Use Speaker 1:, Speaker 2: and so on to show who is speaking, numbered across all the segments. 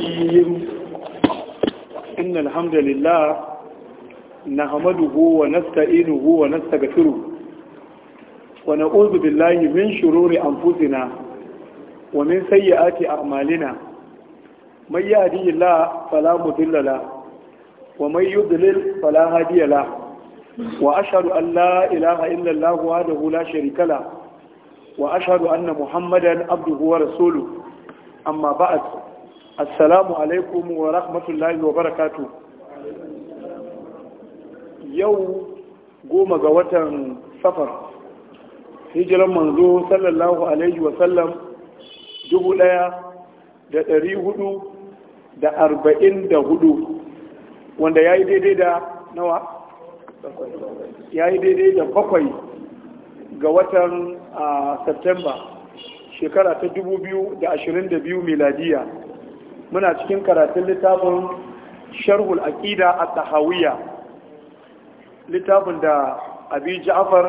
Speaker 1: ihim innal hamdalillah nahmaduhu wa nasta'inuhu wa nastaghfiruh wa na'udhu billahi min shururi anfusina wa min sayyiati a'malina may yahdihillah fala mudilla la wa may yudlil fala hadiya la wa ashhadu an la ilaha illallah wahdahu la sharika la wa ashhadu anna muhammadan abduhu wa amma ba'du assalamu alaikum wa rahmatullahi wa barakatu yau goma ga watan safar hijiran manzo sallallahu alaihi wa sallam dubu daya da dari hudu da arba'in da hudu wanda ya yi daidai da nawa ya yi daidai da bakwai ga watan a ah, septemba shekara ta 2022 miladiya muna cikin karatun littafin sharhul aqida at-tahawiyya littafin da abi ja'far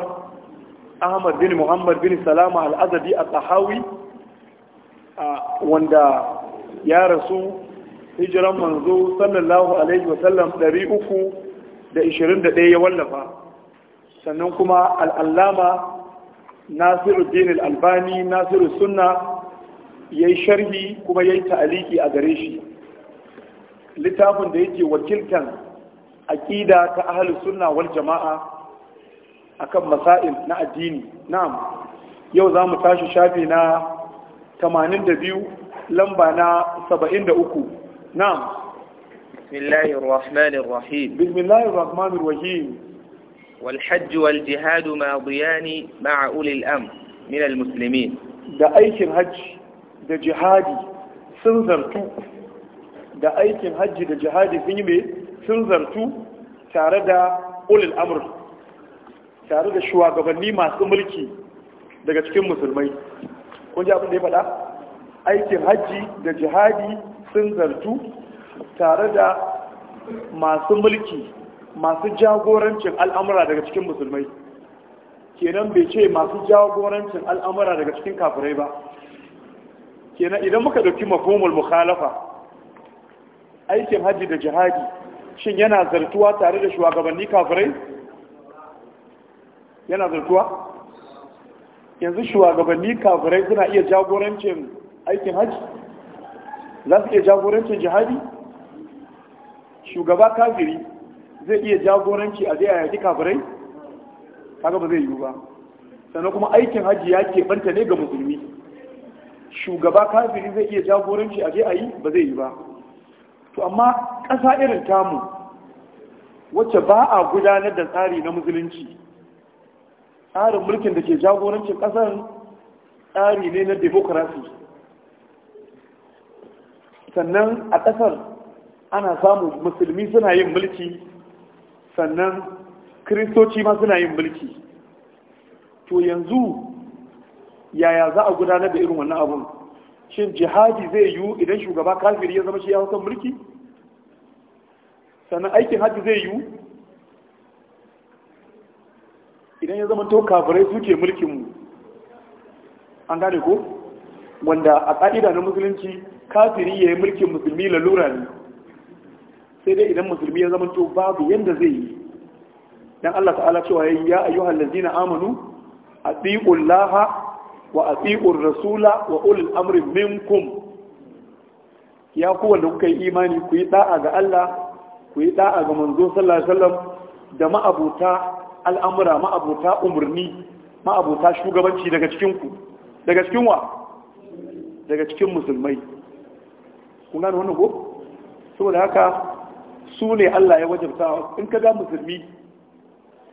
Speaker 1: ahmad bin muhammad bin salama al-azadi at-tahawi wanda ya rasu hijiran manzo sallallahu alaihi wa sallam 321 ya wallafa sannan kuma al-allama nasiruddin al-albani nasiru sunna yayi sharhi kuma yayi ta'aliki a gare shi littafin da yake wakiltan aqida ta ahlus suna wal jama'a a kan masail na addini na'am yau za mu tashi shafi na 82 lamba na
Speaker 2: 73 na'am bismillahir rahmanir rahim
Speaker 1: bismillahir rahmanir rahim
Speaker 2: والحج والجهاد ماضيان مع أولي الأمر من المسلمين
Speaker 1: da aikin hajji da jihadi sun zartu da aikin hajji da jihadi sun yi mai sun zartu tare da ulil amur tare da shugabanni masu mulki daga cikin musulmai kun ji abin da ya faɗa aikin hajji da jihadi sun zartu tare da masu mulki masu jagorancin al'amura daga cikin musulmai kenan bai ce masu jagorancin al'amura daga cikin kafirai ba kenan idan muka dauki mafhumul mukhalafa aikin haji da jihadi shin yana zartuwa tare da shugabanni kafirai yana zartuwa yanzu shugabanni kafirai suna iya jagorancin aikin haji za su iya jagorancin jihadi shugaba kafiri zai iya jagoranci a zai yaki kafirai kaga ba zai yiwu ba sannan kuma aikin haji ya keɓanta ne ga musulmi shugaba kafiri zai iya jagoranci a je a yi ba zai yi ba to amma ƙasa irin tamu wacce ba a gudanar da tsari na musulunci tsarin mulkin da ke jagorancin ƙasar tsari ne na demokrasi sannan a ƙasar ana samun musulmi suna yin mulki sannan kiristoci ma suna yin mulki to yanzu yaya za a gudanar da irin wannan abun shin jihadi zai yiwu idan shugaba kafiri ya zama shi ya haukan mulki sannan aikin hajji zai yiwu idan ya zama to kafirai suke mulkinmu an gane ko wanda a ƙa'ida na musulunci kafiri ya yi mulkin musulmi lalura ne sai dai idan musulmi ya zama to babu yadda zai yi dan Allah ta'ala cewa ya ya ayyuhal ladina amanu atiqullaha wa atiqur rasula wa ulil amri minkum ya ku wanda kuka yi imani ku yi da'a ga Allah ku yi da'a ga manzo sallallahu da ma'abuta al'amura ma'abuta umarni ma'abuta shugabanci daga cikinku daga cikin wa daga cikin musulmai kun gane wannan ko saboda haka su ne Allah ya wajabta in ka ga musulmi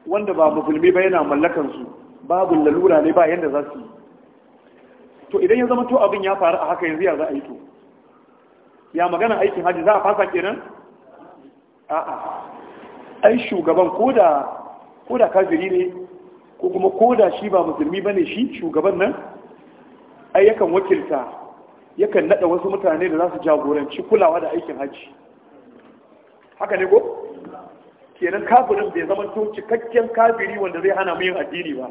Speaker 1: wanda ba musulmi ba yana mallakan su babu lalura ne ba yanda za su yi to idan ya zama to abin ya faru a haka yanzu ya za a yi to ya magana aikin haji za a fasa kenan a'a ai shugaban koda koda kafiri ne ko kuma koda shi ba musulmi bane shi shugaban nan ai yakan wakilta yakan nada wasu mutane da za su jagoranci kulawa da aikin haji haka ne ko kenan kafirin bai zama to cikakken kafiri wanda zai hana mu yin addini ba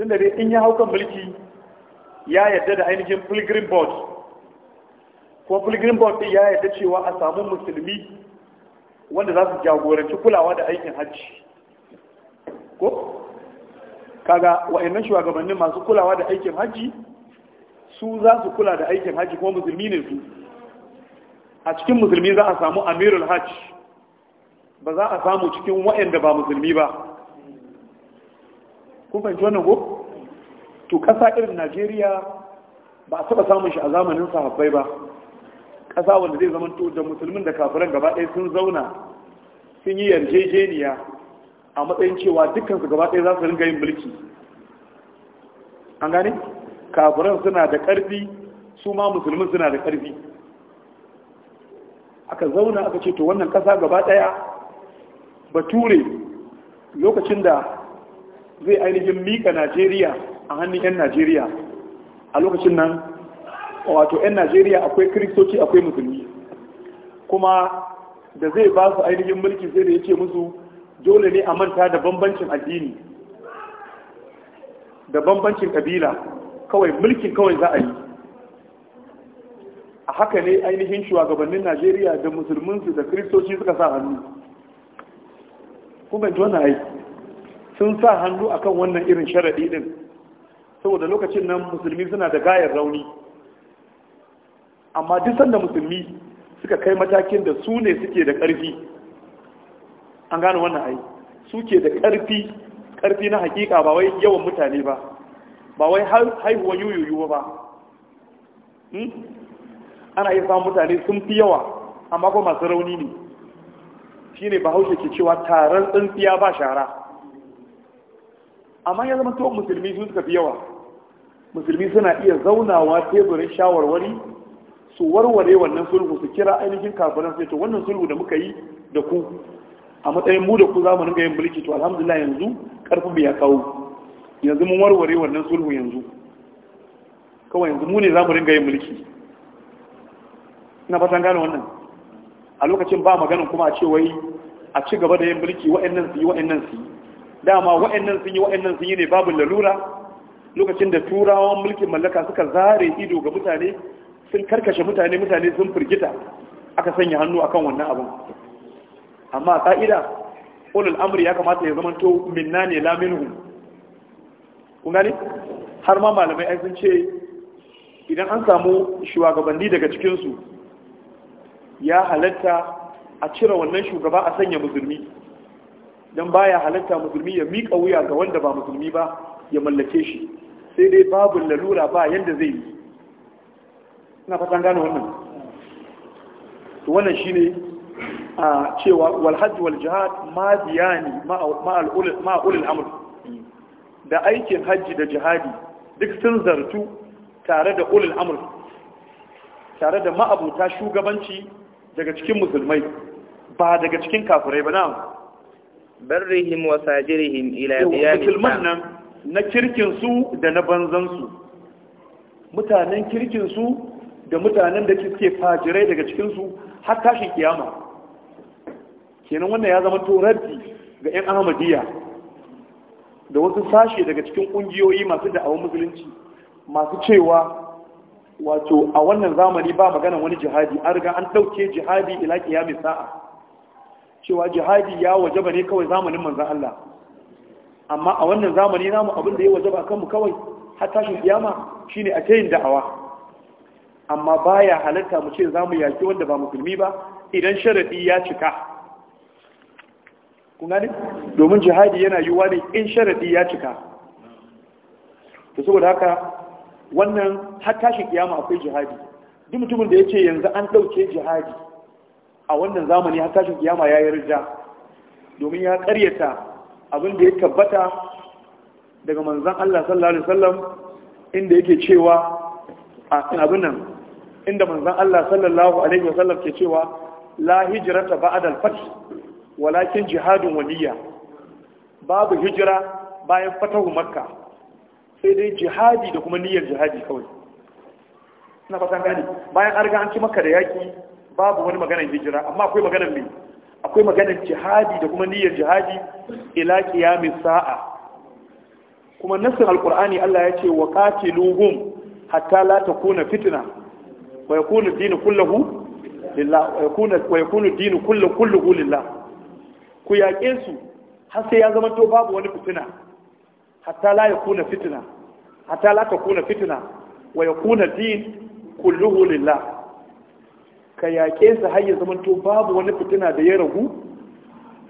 Speaker 1: tunda dai in ya hau kan mulki ya yarda da ainihin pilgrim board ko pilgrim board din ya yarda cewa a samu musulmi wanda za su jagoranci kulawa da aikin hajji ko kaga wa'annan shugabannin masu kulawa da aikin hajji su za su kula da aikin hajji kuma musulmi ne su a cikin musulmi za a samu amirul hajji ba za a samu cikin wa'anda ba musulmi ba kun fahimci wannan ko to kasa irin najeriya ba a taba samun shi a zamanin sahabbai ba kasa wanda zai zama to da musulmin da kafiran gaba ɗaya sun zauna sun yi yarjejeniya a matsayin cewa dukkan su gaba ɗaya za su ringa yin mulki an gane kafiran suna da ƙarfi su ma musulmin suna da ƙarfi aka zauna aka ce to wannan kasa gaba ɗaya bature lokacin da zai ainihin mika najeriya a hannun 'yan najeriya a lokacin nan wato 'yan najeriya akwai kiristoci akwai musulmi kuma da zai ba su ainihin mulki sai da ya ce musu dole ne a manta da bambancin addini da bambancin kabila kawai mulkin kawai za a yi a haka ne ainihin shugabannin najeriya da musulminsu da kiristoci suka sa hannu kuma ji wannan aiki sun sa hannu akan wannan irin sharaɗi ɗin saboda lokacin nan musulmi suna da gayar rauni amma duk sanda musulmi suka kai matakin da su ne suke da ƙarfi an gane wannan ai suke da ƙarfi ƙarfi na hakika ba wai yawan mutane ba ba wai haihuwa yuyuyu ba hmm? ana iya samun mutane sun fi yawa amma kuma masu rauni ne Shi shine bahaushe ke cewa taron tsintsiya ba shara amma ya zama to musulmi sun suka fi yawa musulmi suna iya zaunawa teburin shawarwari su warware wannan sulhu su kira ainihin kafiran sai to wannan sulhu da muka yi da ku a matsayin mu da ku za mu ringa yin mulki to alhamdulillah yanzu karfin bai ya kawo yanzu mun warware wannan sulhu yanzu kawai yanzu mu ne za mu ringa yin mulki ina fatan gane wannan a lokacin ba maganin kuma a ce wai a ci gaba da yin mulki wa'annan su yi wa'annan su yi dama wa'annan sun yi wa'annan sun yi ne babu lalura lokacin da turawan mulkin mallaka suka zare ido ga mutane sun karkashe mutane mutane sun firgita aka sanya hannu akan wannan abin amma ka'ida ulul amri ya kamata ya zama minna ne la minhum kun gane har ma malamai ai sun ce idan an samu shugabanni daga cikin su ya halatta a cire wannan shugaba a sanya musulmi dan baya halatta musulmi ya miƙa wuya ga wanda ba musulmi ba ya mallake shi sai dai babu lalura ba yanda zai yi ina fatan gane wannan to wannan shine a cewa wal hajj wal ma biyani ma ulul da aikin hajji da jihadi duk sun zartu tare da ulul amr
Speaker 2: tare da ma'abuta shugabanci daga cikin musulmai ba daga cikin kafirai ba na'am barrihim wa sajirihim ila qiyam nan na kirkin
Speaker 1: su da na banzan su mutanen kirkin su da mutanen da suke fajirai daga cikin su har tashi kiyama kenan wannan ya zama to ga yan ahmadiyya da wasu sashe daga cikin kungiyoyi masu da'awun musulunci masu cewa wato a wannan zamani ba magana wani jihadi an riga an ɗauke jihadi ila kiyamin sa'a cewa jihadi ya wajaba ne kawai zamanin manzan Allah amma a wannan zamani namu abin da ya wajaba kanmu kawai har tashin kiyama shine a tayin da'awa amma baya halatta mu ce zamu yaki wanda ba musulmi ba idan sharadi ya cika kun gane domin jihadi yana yiwuwa ne in sharadi ya cika to saboda haka wannan har tashin kiyama akwai jihadi duk mutumin da yace yanzu an dauke jihadi a wannan zamani har tashin kiyama ya yi rija domin ya karyata abin da ya tabbata daga manzan Allah sallallahu alaihi wasallam inda yake cewa a abin nan inda manzan Allah sallallahu alaihi wasallam ke cewa la hijrata ba'da al-fath walakin jihadun waliyya, babu hijira bayan fatahu makka sai dai jihadi da kuma niyyar jihadi kawai na fatan gani bayan an riga an ci makka da yaki babu wani maganar hijira amma akwai maganar mai akwai maganar jihadi da kuma niyyar jihadi ila qiyamis sa'a kuma nassin alqur'ani Allah ya ce wa qatiluhum hatta la takuna fitna wa yakunu dinu kulluhu lillah wa yakunu wa yakunu dinu kulluhu kulluhu lillah ku yaƙe su har sai ya zama to babu wani fitina hatta la yakuna fitna hatta la takuna fitna wa yakuna din kulluhu lillah ka yaƙe su har ya to babu wani fitina da ya ragu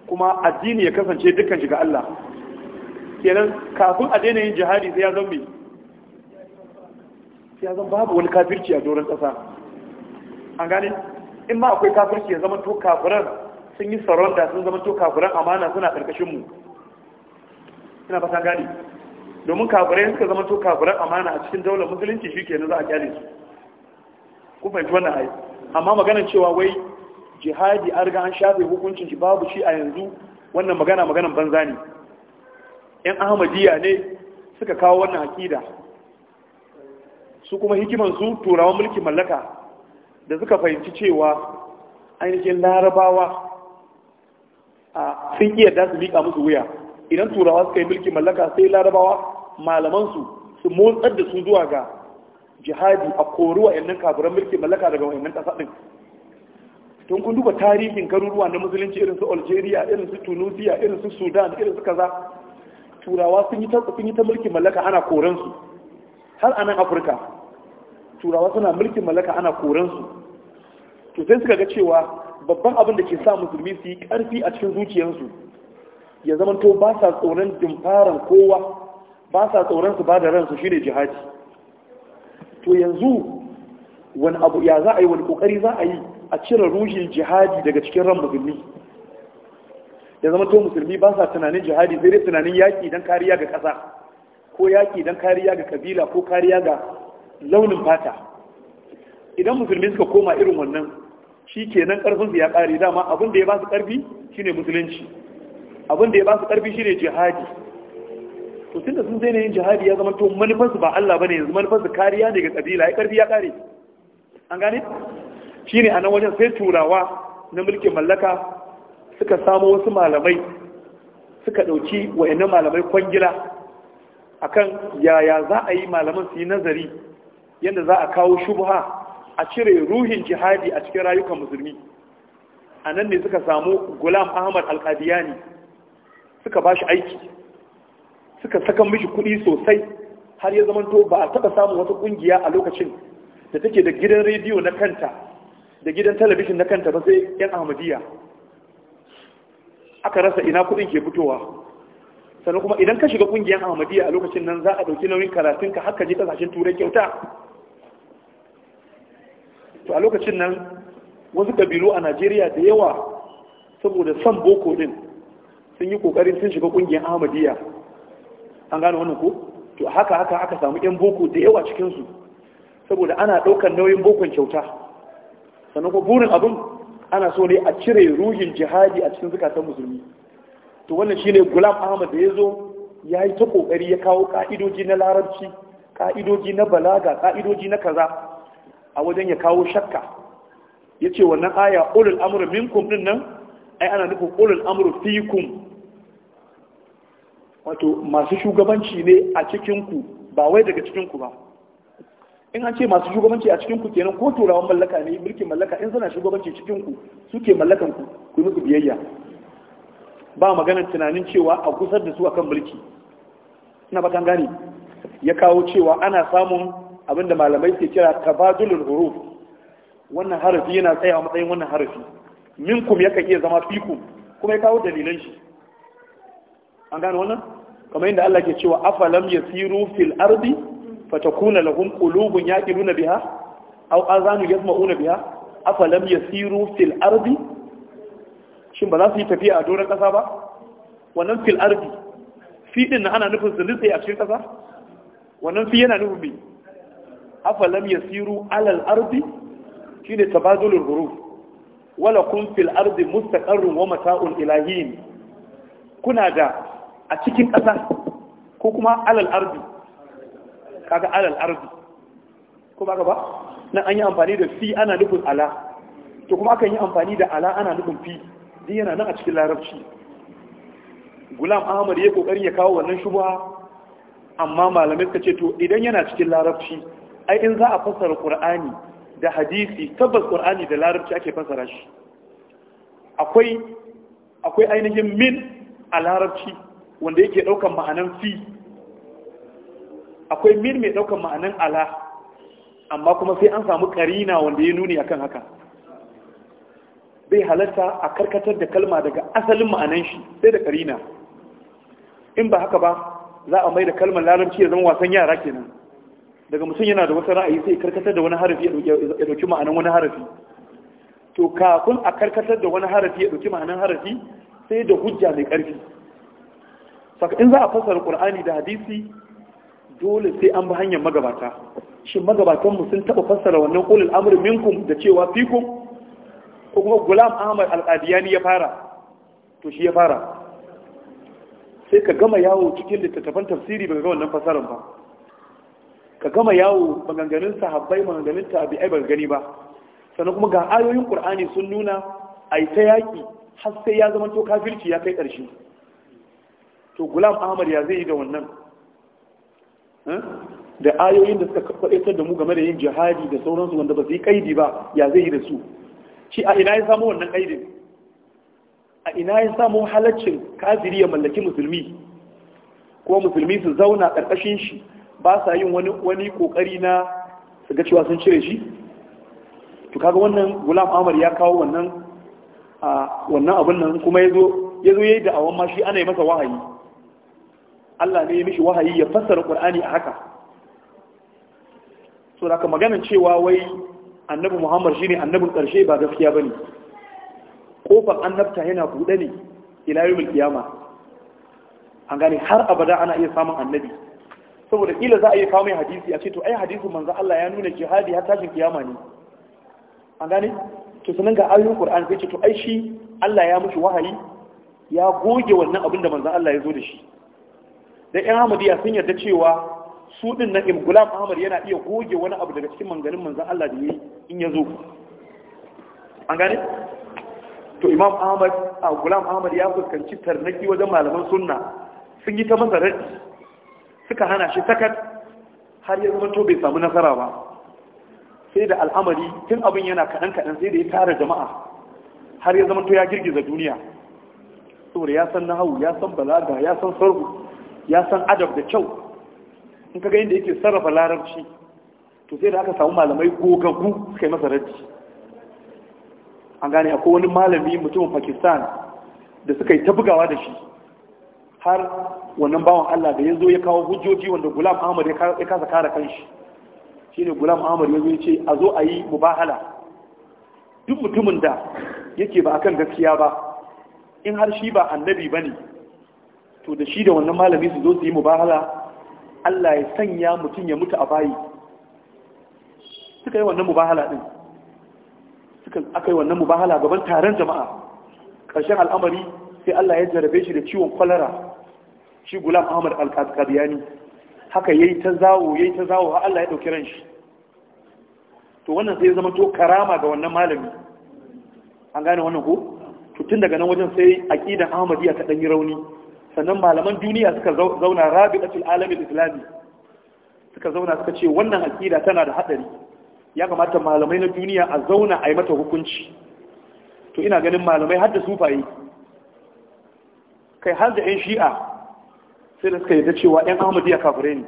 Speaker 1: kuma addini ya kasance dukkan shiga Allah kenan kafin a daina yin jihadi sai ya zan mai sai ya zan babu wani kafirci a doron ƙasa an gane in ma akwai kafirci ya zamanto kafiran sun yi da sun zamanto kafiran amana suna ƙarƙashinmu ina fata gane domin kafirai suka zama to kafiran amana a cikin daular musulunci shi ke za a kyale su ku fahimci wannan ayi amma maganar cewa wai jihadi an riga an shafe hukuncin shi babu shi a yanzu wannan magana maganan banza ne yan ahmadiyya ne suka kawo wannan akida su kuma hikiman su turawan mulkin mallaka da suka fahimci cewa ainihin larabawa a sun iya da su liƙa musu wuya idan turawa suka yi mulkin mallaka sai larabawa malamansu su motsar da su zuwa ga jihadi a kori wa'annan kafiran mulki mallaka daga wa'annan ƙasa ɗin tun kun duba tarihin garuruwa na musulunci irin su algeria irin su tunisia irin su sudan irin su kaza turawa sun yi ta mulkin mallaka ana koransu har anan afirka turawa suna mulkin mallaka ana koransu to sai suka ga cewa babban abin da ke sa musulmi su yi karfi a cikin zuciyarsu ya zama to ba sa tsoron dimfaran kowa ba sa tsoron su ba da ransu shine jihadi to yanzu wani abu ya za a yi wani kokari za a yi a cire rushin jihadi daga cikin ran musulmi ya zama to musulmi ba sa tunanin jihadi sai dai tunanin yaƙi don kariya ga ƙasa ko yaƙi don kariya ga kabila ko kariya ga launin fata idan musulmi suka koma irin wannan shi kenan ƙarfinsu ya ƙare dama abin da ya ba su ƙarfi shine musulunci abin da ya ba su ƙarfi ne jihadi to tunda sun daina yin jihadi ya zama to manufarsu ba Allah ne yanzu Manufansu kariya ne ga kabila ya karfi ya kare an gane Shi ne a nan wajen sai turawa na mulkin mallaka suka samo wasu malamai suka dauki wayannan malamai kwangila A kan yaya za a yi malaman su yi nazari yadda za a kawo shubha a cire ruhin jihadi a cikin rayukan musulmi a nan ne suka samu gulam ahmad alkadiyani suka ba shi aiki suka saka mishi kuɗi sosai har ya zamanto ba a taɓa samun wata ƙungiya a lokacin da take da gidan rediyo na kanta da gidan talabijin na kanta ba sai 'yan ahmadiyya aka rasa ina kuɗin ke fitowa sannan kuma idan ka shiga ƙungiyar ahmadiyya a lokacin nan za a ɗauki nauyin karatun ka ka je ƙasashen turai kyauta to a lokacin nan wasu ƙabilu a najeriya da yawa saboda son boko ɗin sun yi ƙoƙarin sun shiga ƙungiyar ahmadiyya an gane wannan ko to haka haka aka samu yan boko da yawa cikin su saboda ana daukar nauyin bokon kyauta sannan ko burin abin ana so ne a cire ruhin jihadi a cikin zukatan musulmi to wannan shi ne gulam ahmad da ya zo ya yi ta kokari ya kawo ƙa'idoji na larabci ƙa'idoji na balaga ka'idoji na kaza a wajen ya kawo shakka ya ce wannan aya ulul amru minkum din nan ai ana nufin ulul amru fikum wato masu shugabanci ne a cikinku ba wai daga cikinku ba in an ce masu shugabanci a cikinku kenan ko turawan mallaka ne mulkin mallaka in suna shugabanci cikinku suke mallakan ku ku musu biyayya ba maganar tunanin cewa a kusar da su akan mulki ina bakan gani ya kawo cewa ana samun abin da malamai ke kira tabadulul huruf wannan harafi yana tsayawa matsayin wannan harafi minkum yakan iya zama fikum kuma ya kawo dalilan shi an gano wannan kamar yadda Allah ke cewa afalam yasiru fil ardi fatakuna lahum qulubun yaqiluna biha aw azanu yasma'una biha afalam yasiru fil ardi shin ba za su yi tafiya a doron kasa ba wannan fil ardi fi din ana nufin su nutse a cikin kasa wannan fi yana nufin bi afalam yasiru alal ardi shine tabadulul huruf wala kun fil ardi mustaqarrun wa mata'un ilahin kuna da a cikin ƙasa ko kuma alal arzi kaga alal arzi ko ba ba nan an yi amfani da fi ana nufin ala to kuma akan yi amfani da ala ana nufin fi din yana nan a cikin larabci gulam ahmad ya kokari ya kawo wannan shubha amma malamai suka ce to idan yana cikin larabci ai in za a fassara qur'ani da hadisi tabbas qur'ani da larabci ake fassara shi akwai akwai ainihin min a larabci wanda yake daukan ma'anan fi akwai min mai daukan ma'anan ala amma kuma sai an samu karina wanda ya nuni akan haka bai halarta a karkatar da kalma daga asalin ma'anan shi sai da karina in ba haka ba za a mai da kalmar larabci ya zama wasan yara kenan daga mutum yana da wasu ra'ayi sai karkatar da wani harafi ya dauki ma'anan wani harafi to kafin a karkatar da wani harafi ya dauki ma'anan harafi sai da hujja mai karfi saka in za a fassara qur'ani da hadisi dole sai an bi hanyar magabata shin magabatan mu sun taba fassara wannan qul al-amr minkum da cewa fikum ko kuma gulam ahmad al-qadiyani ya fara to shi ya fara sai ka gama yawo cikin littattafan tafsiri ba ga wannan fassaran ba ka gama yawo maganganun sahabbai maganganun tabi'ai ba gani ba sannan kuma ga ayoyin qur'ani sun nuna ai ta yaki har sai ya zama to kafirci ya kai ƙarshe to gulam ahmad ya zai yi da wannan da ayoyin da suka kwaɗaitar da mu game da yin jihadi da sauransu wanda ba su yi kaidi ba ya zai yi da su shi a ina ya samu wannan kaidin a ina ya samu halaccin kafiri ya mallaki musulmi ko musulmi su zauna ƙarƙashin shi ba sa yin wani wani kokari na su ga cewa sun cire shi to kaga wannan gulam Ahmad ya kawo wannan a wannan abin nan kuma yazo yazo yayi da awan ma shi ana yi masa wahayi Allah ne ya mishi wahayi ya fassara Qur'ani a haka so da maganin cewa wai annabi Muhammad shine annabin karshe ba gaskiya bane kofar annabta yana buɗe ne ila yawmil kiyama an gane har abada ana iya samun annabi saboda kila za a iya kawo mai hadisi a ce to ai hadisin manzo Allah ya nuna jihadi har tashin kiyama ne an gane to sanan ga ayoyin Qur'ani sai ce to ai shi Allah ya mushi wahayi ya goge wannan abin da manzo Allah ya zo da shi da yan ya sun yarda cewa su din na imgulam ahmad yana iya goge wani abu daga cikin manganin manzan Allah da yi in ya zo an gane to imam ahmad a gulam ahmad ya fuskanci tarnaki wajen malaman sunna sun yi ta masa rai, suka hana shi sakat har ya zama to bai samu nasara ba sai da al'amari tun abin yana kaɗan kaɗan sai da ya tara jama'a har ya zama to ya girgiza duniya saboda ya san nahawu ya san balaga ya san sarhu ya san adab da kyau in kaga inda yake sarrafa larabci to sai da aka samu malamai gogaggu suka yi masa raddi an gane akwai wani malami mutumin pakistan da suka yi ta bugawa da shi har wannan bawan allah da ya zo ya kawo hujjoji wanda gulam ahmad ya kasa kare kanshi shi ne gulam ahmad ya zo ya ce a zo a yi mubahala duk mutumin da yake ba akan gaskiya ba in har shi ba annabi ba ne to da shi da wannan malami su zo su yi mubahala Allah ya sanya mutum ya mutu a bayi suka yi wannan mubahala din suka aka yi wannan mubahala gaban taron jama'a ƙarshen al'amari sai Allah ya jarabe shi da ciwon kwalara shi gulam Ahmad al-Qadiyani haka yayi ta zawo yayi ta zawo har Allah ya dauki ran shi to wannan sai ya zama to karama ga wannan malami an gane wannan ko to tun daga nan wajen sai aqidan Ahmadiyya ta dan yi rauni sannan malaman duniya suka zauna rabi'atul alamin islami suka zauna suka ce wannan aqida tana da hadari ya kamata malamai na duniya a zauna a yi mata hukunci to ina ganin malamai har da sufaye kai har da 'yan shi'a sai da suka yi ta cewa 'yan ahmadiyya kafirai ne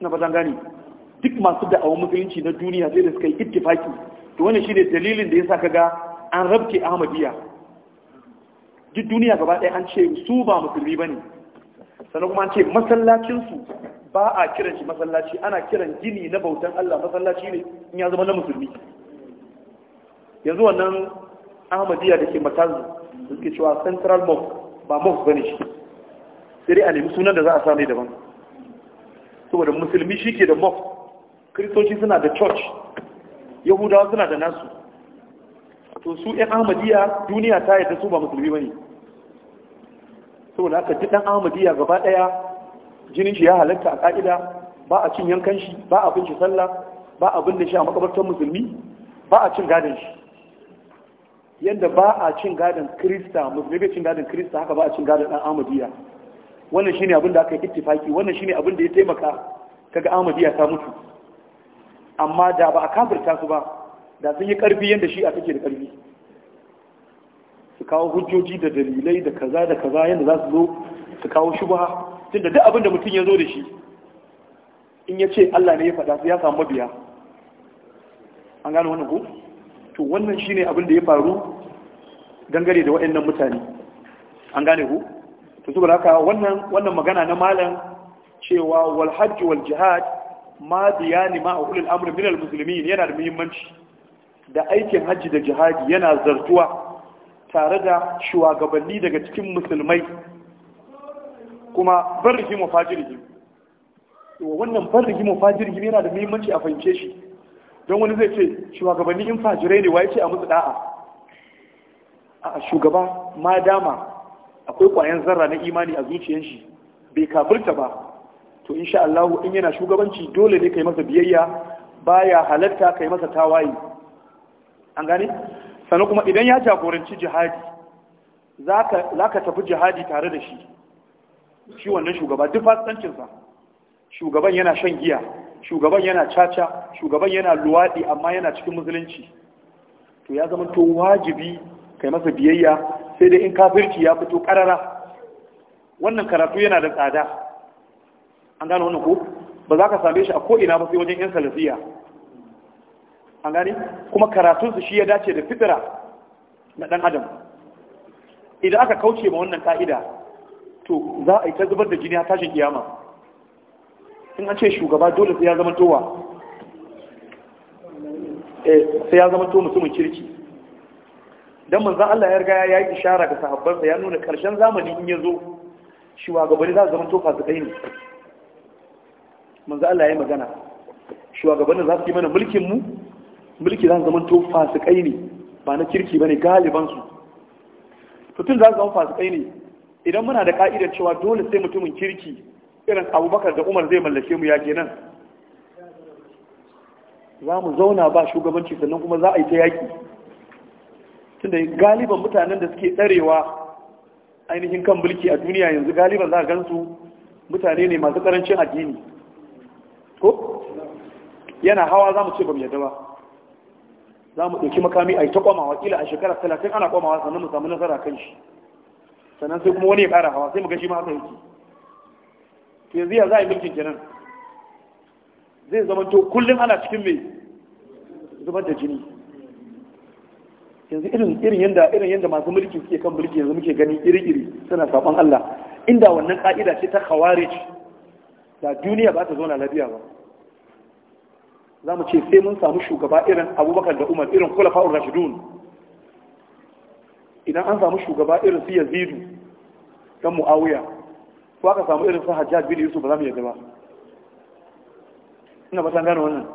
Speaker 1: na ba gani duk masu da'awar musulunci na duniya sai da suka yi ittifaki to wani shi ne dalilin da ya sa kaga an rabke ahmadiyya duk duniya gaba ɗaya an ce su ba musulmi ba ne sannan kuma an ce
Speaker 2: masallacinsu
Speaker 1: ba a kiran shi masallaci ana kiran gini na bautan Allah masallaci ne in ya zama na musulmi yanzu wannan ahmadiyya da ke matazu da suke cewa central mosque ba mosque ne shi sai dai a nemi sunan da za a samu daban saboda musulmi shi ke da mosque kristoci suna da church yahudawa suna da nasu to su ɗan ahmadiyya duniya ta yadda su ba musulmi bane saboda haka ji ɗan ahmadiyya gaba ɗaya, jinin shi ya halatta a ƙa'ida, ba a cin yankan shi ba a bin shi sallah ba a bin da shi a makabartar musulmi ba a cin gadon shi yadda ba a cin gadon krista musulmi bai cin gadon krista haka ba a cin gadon ɗan ahmadiyya wannan shine abin da aka yi ittifaki wannan shine abin da ya taimaka kaga ahmadiyya ta mutu amma da ba a kafirta su ba da sun yi karfi yadda shi a take da karfi su kawo hujjoji da dalilai da kaza da kaza yadda za su zo su kawo shubha tunda duk abin da mutum ya zo da shi in ya ce Allah ne ya faɗa su ya samu mabiya an gano wannan ko to wannan shine abin da ya faru dangane da waɗannan mutane an gane ku to saboda haka wannan wannan magana na malam cewa wal hajj wal jihad ma biyani ma ulul amr min al muslimin yana da muhimmanci da aikin hajji da jihadi yana zartuwa tare da shugabanni daga cikin musulmai kuma barriki mu wannan barriki mu yana da muhimmanci a fahimce shi don wani zai ce shugabanni in fajirai ne waye ce a musu da'a a shugaba ma dama akwai kwayan zarra na imani a zuciyar shi bai kafirta ba to insha Allah in yana shugabanci dole ne kai masa biyayya baya halatta kai masa tawaye an gane sannan kuma idan ya jagoranci jihadi za ka tafi jihadi tare da shi shi wannan shugaba duk fasikancinsa shugaban yana shan giya shugaban yana caca shugaban yana luwaɗi amma yana cikin musulunci to ya zama to wajibi kai masa biyayya sai dai in kafirci ya fito karara wannan karatu yana da tsada an gano wannan ko ba za ka same shi a ko'ina ba sai wajen 'yan salafiya an gane kuma karatunsu shi ya dace da fitira na ɗan adam idan aka kauce ma wannan ka'ida to za a yi ta zubar da jini a tashin kiyama in an ce shugaba dole sai ya zama towa eh, sai ya zama to mutumin kirki dan manzon Allah ya riga ya yi ishara ga sahabbansa ya nuna karshen zamani in ya zo shugabanni za su zama to fasikai ne manzon Allah ya yi magana shugabanni za su yi mana mulkin mu mulki za su zama to fasikai ne ba na kirki ba ne galibansu tutun za su zama fasikai ne idan muna da ka'idar cewa dole sai mutumin kirki irin abubakar da umar zai mallake mu ya ke nan. za mu zauna ba shugabanci sannan kuma za a yi ta yaƙi tunda galiban mutanen da suke tsarewa ainihin kan mulki a duniya yanzu galiban za a gansu mutane ne masu ƙarancin addini ko yana hawa za mu ce ba mu yadda ba za mu ɗauki makami a yi ta kwamawa ƙila a shekara talatin ana kwamawa sannan mu samu nasara kan shi sannan sai kuma wani ya ƙara hawa sai mu ga shi ma haka yake to yanzu ya za a yi mulkin kenan zai zama to kullum ana cikin mai zubar da jini yanzu irin irin yanda irin yanda masu mulki suke kan mulki yanzu muke gani iri-iri suna saban Allah inda wannan ka'ida ce ta khawarij da duniya ba ta zauna lafiya ba za mu ce sai mun samu shugaba irin abubakar da umar irin kula fa'ur rashidun idan an samu shugaba irin su yazidu don mu'awuya ko aka samu irin su hajjaj bin yusuf ba za mu yadda ba ina ba san gane wannan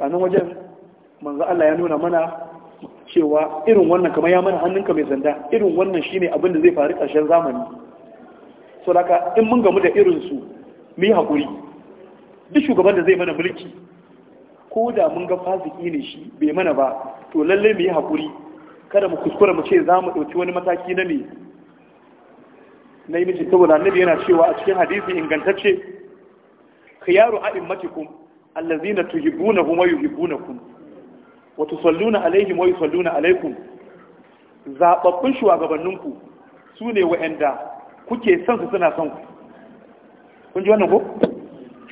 Speaker 1: a nan wajen manzo Allah ya nuna mana cewa irin wannan kamar ya mana hannunka mai zanda irin wannan shine abin da zai faru ƙarshen zamani so da in mun gamu da irin su mu yi haƙuri duk shugaban da zai mana mulki ko da mun ga fasiki ne shi bai mana ba to lalle mu yi hakuri kada mu kuskura mu ce za mu ɗauki wani mataki na me na yi miji saboda annabi yana cewa a cikin hadisi ingantacce khiyaru a'immatikum allazina tuhibbunahum wa yuhibbunakum wa tusalluna alaihim wa yusalluna alaikum zababbun shugabanninku sune wa'anda kuke son su suna son ku kun ji wannan ko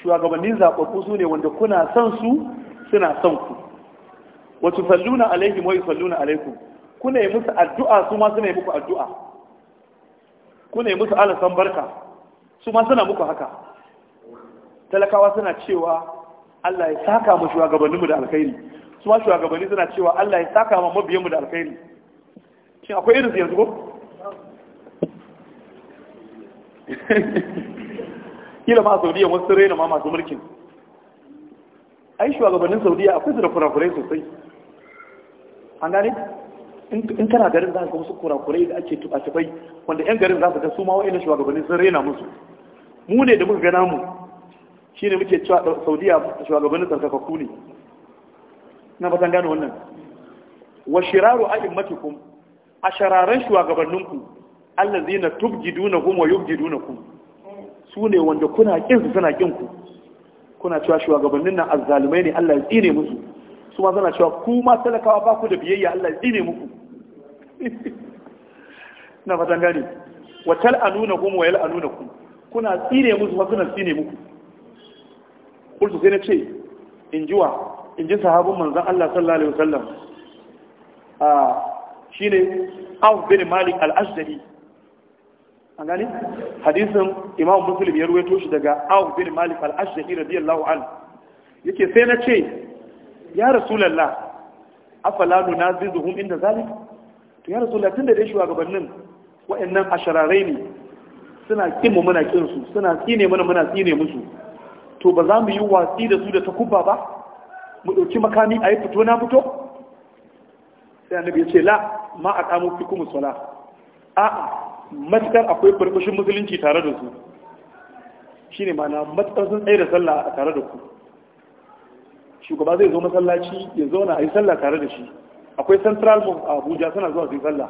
Speaker 1: shugabannin zababbu sune wanda kuna son su suna son ku wato salluna alaihim wa salluna alaikum kuna yi musu addu'a su ma suna yi muku addu'a kuna yi musu san barka su ma suna muku haka talakawa suna cewa Allah ya saka mu shugabanninmu da alkhairi su ma shugabanni suna cewa Allah ya saka mu mu da alkhairi shin akwai irin yanzu ko kila ma a saudiya wasu raina ma masu mulkin ai shugabannin saudiya akwai su da kurakurai sosai an gane in kana garin za ka ga wasu kurakurai da ake tuba-tubai wanda yan garin za su ga su ma wa'ina shugabannin sun rena musu mu ne da muka gana mu shi ne muke cewa saudiya shugabannin tsarkakakku ne na fatan gane wannan wa shiraru a'immatikum a shararen shugabanninku allazina tubjidunahum wa yubjidunakum su ne wanda kuna kin su suna kin ku kuna cewa shugabannin nan azzalumai ne Allah ya tsine musu su ma zana cewa ku ma talakawa ba ku da biyayya Allah ya tsine muku na fatan gani wa tal'anunakum wa ku kuna tsine musu ba kuna tsine muku kullu sai na ce in jiwa in ji sahabin manzon Allah sallallahu alaihi wasallam a ah, shine Auf bin Malik al-Ashdari an gani hadisin imam muslim ya ruwaito shi daga awu bin malik al-ashari radiyallahu an yake sai na ce ya rasulullah afala nunazizuhum inda zalik to ya rasulullah tunda dai shugabannin wayannan ashararai ne suna kin mu muna kin su suna tsine mana muna tsine musu to ba za mu yi watsi da su da takubba ba mu dauki makami ayi fito na fito sai annabi ya ce la ma aqamu fikum salat a'a matukar akwai farfashin musulunci tare da su shi ne mana matukar sun tsaye da sallah a tare da ku shugaba zai zo masallaci ya zauna a yi sallah tare da shi akwai central mosque a abuja suna zuwa su yi sallah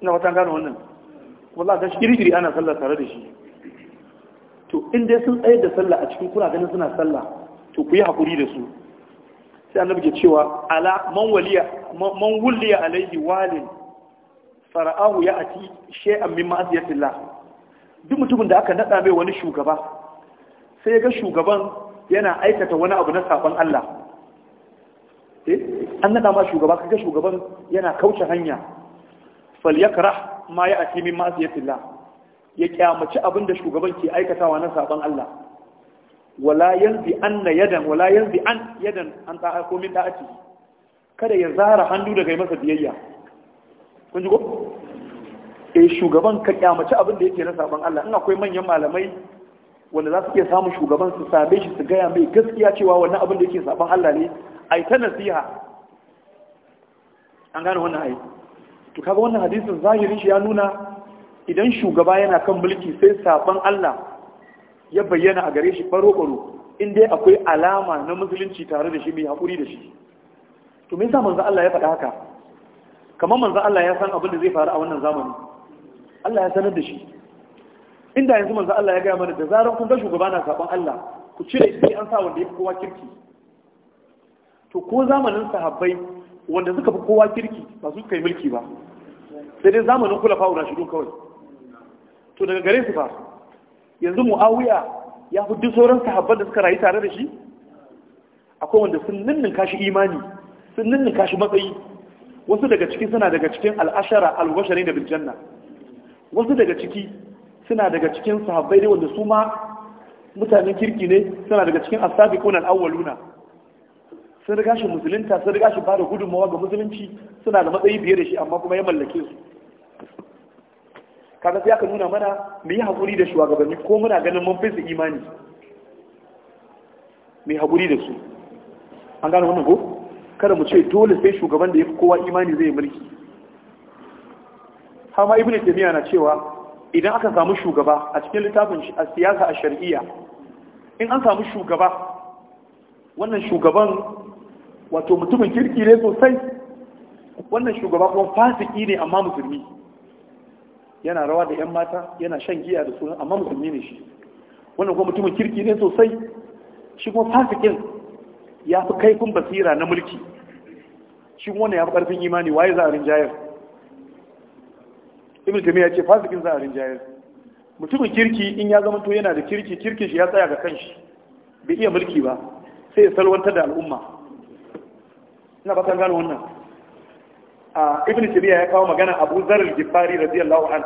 Speaker 1: ina wata gano wannan kuma za a iri-iri ana sallah tare da shi to in dai sun tsaye da sallah a cikin kuna ganin suna sallah to ku yi haƙuri da su sai annabi ke cewa ala man waliya man alaihi walin fara'ahu ya ati shay'an min ma'asiyatillah duk mutumin da aka nada mai wani shugaba sai ga shugaban yana aikata wani abu na sabon Allah eh an nada ma shugaba kaga shugaban yana kauce hanya Falyakra ma ya ati min ma'asiyatillah ya kyamaci abin da shugaban ke aikatawa na sabon Allah wala yanzi anna yadan wala yanzi an yadan an ta'a ko min da'ati kada ya zara hannu daga masa biyayya kun ji ko eh shugaban ka kyamaci abin da yake na sabon Allah in akwai manyan malamai wanda za su iya samun shugaban su same shi su gaya mai gaskiya cewa wannan abin da yake sabon Allah ne ai ta nasiha an gane wannan ai to kaga wannan hadisin zahirin shi ya nuna idan shugaba yana kan mulki sai saban Allah ya bayyana a gare shi baro baro in dai akwai alama na musulunci tare da shi mai haƙuri da shi to me yasa manzo Allah ya faɗa haka kamar manzan Allah ya san abin da zai faru a wannan zamani Allah ya sanar da shi inda yanzu manzan Allah ya gaya mana da zarar kun ga shugaba na sabon Allah ku cire shi an sa wanda ya fi kowa kirki to ko zamanin sahabbai wanda suka fi kowa kirki ba su kai mulki ba sai dai zamanin kula fa'ura shi don kawai to daga gare su ba yanzu mu'awiya ya fi duk sauran sahabban da suka rayu tare da shi akwai wanda sun ninninka shi imani sun ninninka shi matsayi wasu daga ciki suna daga cikin al'ashara al da biljanna wasu daga ciki suna daga cikin sahabbai ne wanda su ma mutanen kirki ne suna daga cikin asabiqun al-awwaluna sun riga shi musulunta sun riga shi da gudunmawa ga musulunci suna da matsayi biye da shi amma kuma ya mallake su kaga sai aka nuna mana mu yi hakuri da shugabanni ko muna ganin mun fi su imani mu yi hakuri da su an gano wannan ko kada mu ce dole sai shugaban da ya fi kowa imani zai mulki hama ibn taymiya na cewa idan aka samu shugaba a cikin littafin a siyasa a shari'a in an samu shugaba wannan shugaban wato mutumin kirki ne sosai wannan shugaba kuma fasiki ne amma musulmi yana rawa da 'yan mata yana shan giya da sunan amma musulmi ne shi wannan kuma mutumin kirki ne sosai shi kuma fasikin ya fi kaifin basira na mulki shi wani ya fi ƙarfin imani waye za a rinjayar ibn taymiya ya ce fasikin za a rinjayar mutumin kirki in ya zama to yana da kirki kirkin shi ya tsaya ga kanshi bai iya mulki ba sai ya salwantar da al'umma ina ba gano wannan a ibn taymiya ya kawo magana Abu Zar al radiyallahu an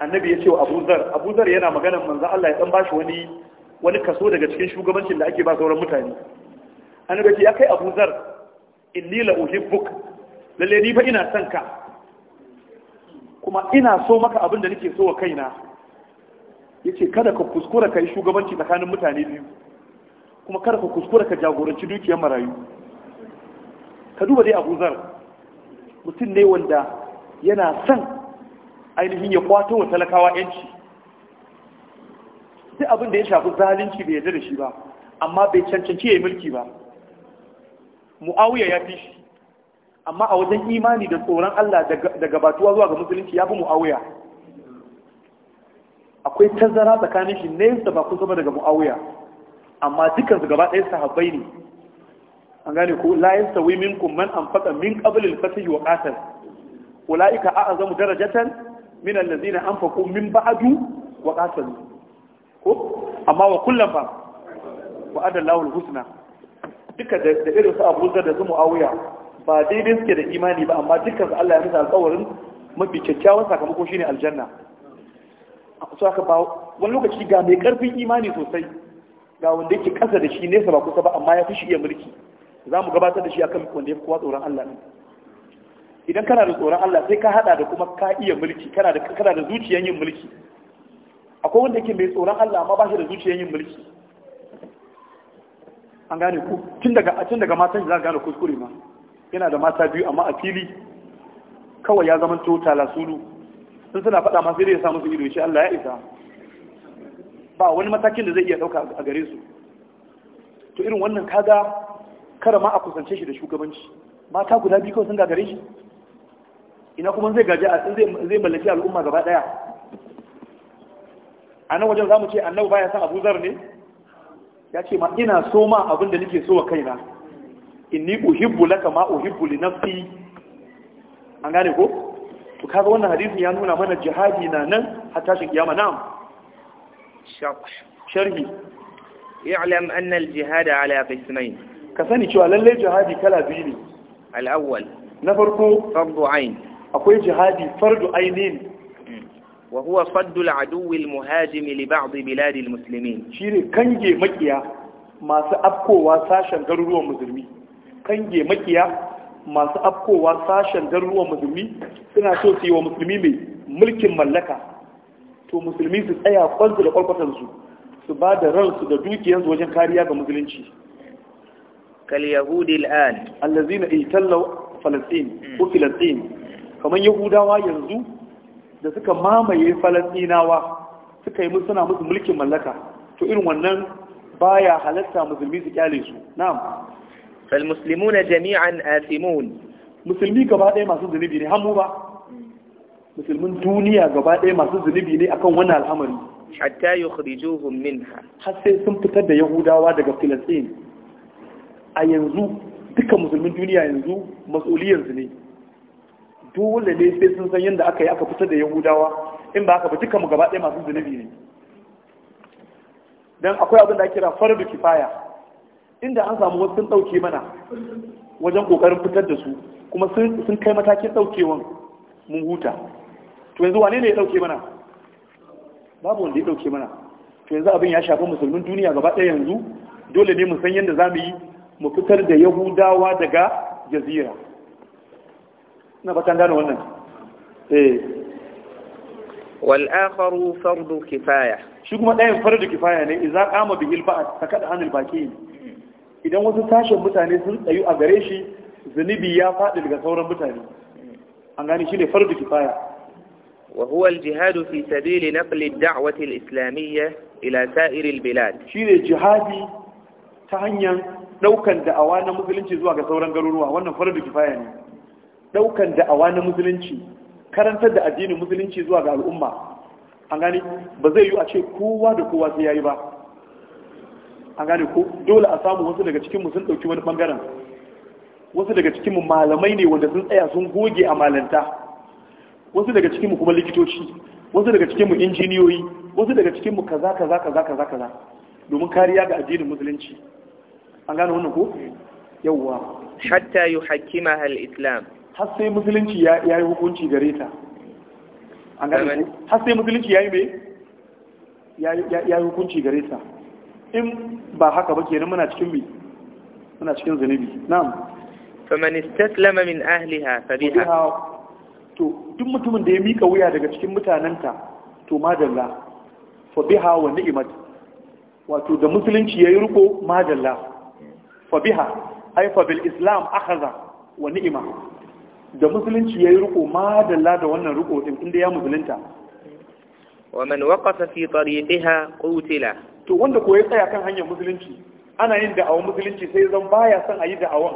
Speaker 1: annabi ya ce wa Abu Zar Abu Zar yana magana manzo Allah ya dan bashi wani wani kaso daga cikin shugabancin da ake ba sauran mutane annabi ya kai Abu Zar inni la uhibbuk lalle ni fa ina son ka kuma ina so maka abin da nake so wa kaina yace kada ka kuskura kai shugabanci tsakanin mutane biyu kuma kada ka kuskura ka jagoranci dukiyar marayu ka duba dai Abu Zar mutum ne wanda yana son ainihin ya kwato wa talakawa yanci Sai abin da ya shafi zalunci bai yarda da shi ba amma bai cancanci ya yi mulki ba muawiya ya fi shi amma a wajen imani da tsoron Allah da gabatuwa zuwa ga musulunci ya fi mu'awiya akwai tazara tsakanin shi na ba kusa ba daga mu'awiya amma dukkan su gaba ɗaya sahabbai ne an gane ku layin sawi min kumman an anfaqa min ƙabilin al-fath wa qatal ulaika a'zamu darajatan min an anfaqu min ba'adu wa ƙasar. ko amma wa kullum fa wa adallahu al-husna duka da irin su abu da su mu'awiya ba daidai suke da imani ba amma dukkan Allah ya nisa alkawarin mafi kyakkyawan sakamako shine aljanna so aka ba wani lokaci ga mai karfin imani sosai ga wanda yake kasa da shi nesa ba kusa ba amma ya fi shi iya mulki za mu gabatar da shi akan wanda ya fi kowa tsoron Allah idan kana da tsoron Allah sai ka hada da kuma ka iya mulki kana da kana da zuciyar yin mulki akwai wanda yake mai tsoron Allah amma ba shi da zuciyar yin mulki an gane ku tun daga tun daga matan za za gane kuskure ma yana da mata biyu amma a fili kawai ya zama to lasulu. sun suna faɗa ma sai dai ya samu su ido shi Allah ya isa ba wani matakin da zai iya dauka a gare su to irin wannan kaga kada ma a kusance shi da shugabanci mata guda biyu kawai sun gagare shi ina kuma zai gaji a zai mallaki al'umma gaba daya a nan wajen za mu ce annabi baya san abu zar ne ya ce ma ina so ma abin da nake so wa kaina inni uhibbu laka ma uhibbu li nafsi an gane ko to kaga wannan hadisin ya nuna mana jihadi na nan har tashin kiyama na'am
Speaker 2: sharhi i'lam anna al-jihad ala qismayn
Speaker 1: ka sani cewa lalle jihadi kala biyu ne
Speaker 2: al-awwal na farko fardu ayn
Speaker 1: akwai jihadi fardu aynin
Speaker 2: wa huwa faddul aduwil muhajimi li ba'di bilad muslimin shine kange makiya masu afkowa sashen
Speaker 1: garuruwan musulmi kange makiya masu afkowa sashen garuruwan musulmi suna so su yi wa musulmi mai mulkin mallaka to musulmi su tsaya kwansu da kwalkwatansu su ba da ransu da dukiyarsu wajen kariya ga musulunci kal yahudi al'an allazina ihtallaw falastin ko hmm. filastin kamar yahudawa yanzu da suka mamaye falasinawa suka yi suna musu mulkin mallaka to irin wannan baya halatta musulmi su kyale su na'am fal muslimuna jami'an asimun musulmi gaba ɗaya masu zunubi ne hamu ba musulmin duniya gaba ɗaya masu zunubi ne akan wannan al'amari
Speaker 2: hatta yukhrijuhum minha har sai sun
Speaker 1: fitar da yahudawa
Speaker 2: daga filistin
Speaker 1: a yanzu dukkan musulmin duniya yanzu su ne dole ne sai sun san yadda aka yi aka fitar da yahudawa in ba aka mu gaba ɗaya masu zunubi ne dan akwai abin da ake kira fardu kifaya inda an samu wasu sun ɗauke mana wajen ƙoƙarin fitar da su kuma sun kai matakin ɗaukewan mun huta to yanzu wane ne ya ɗauke mana babu wanda ya ɗauke mana to yanzu abin ya shafi musulmin duniya gaba ɗaya yanzu dole ne mu san yadda za mu yi mu fitar da yahudawa daga jazira na fatan gano wannan
Speaker 2: eh wal akharu fardu kifaya
Speaker 1: shi kuma dayan fardu kifaya ne idza qama idan wasu tashin mutane sun tsayu a gare shi zunubi ya faɗi daga sauran mutane
Speaker 2: Wahuwal jihadu fi sabili naql ad da'wati islamiyya ila sa'ir al bilad
Speaker 1: shi ne jihadi ta hanyar daukan da'awa na musulunci zuwa ga sauran garuruwa wannan fardu kifaya ne daukan da'awa na musulunci karantar da addinin musulunci zuwa ga al'umma an gane ba zai yi a ce kowa da kowa sai yayi ba an gane ko dole a samu wasu daga cikin sun dauki wani bangaren wasu daga cikin mu malamai ne wanda sun tsaya sun goge a malanta wasu daga cikin mu kuma likitoci wasu daga cikin mu injiniyoyi wasu daga cikin mu kaza kaza kaza kaza kaza domin kariya ga addinin musulunci an gane wannan ko
Speaker 2: yawwa hatta yuhakkimaha al-islam
Speaker 1: har sai musulunci ya yi hukunci gare ta
Speaker 2: an gane har sai musulunci ya yi mai
Speaker 1: ya yi hukunci gare ta in ba haka ba kenan muna cikin bi muna cikin zunubi na'am
Speaker 2: faman istaslama ha. ahliha sabiha
Speaker 1: to duk mutumin da ya mika wuya daga cikin mutanenta to madalla fa biha wa ni'mat wato da musulunci yayi riko madalla fa biha ay fa bil islam akhadha wa ni'ma da musulunci ya yi riko madalla da wannan riko din inda ya musulunta
Speaker 2: wa man waqafa fi tariqiha qutila to wanda ko ya tsaya kan hanyar musulunci ana yin da'awar musulunci sai zan
Speaker 1: baya son yi da'awan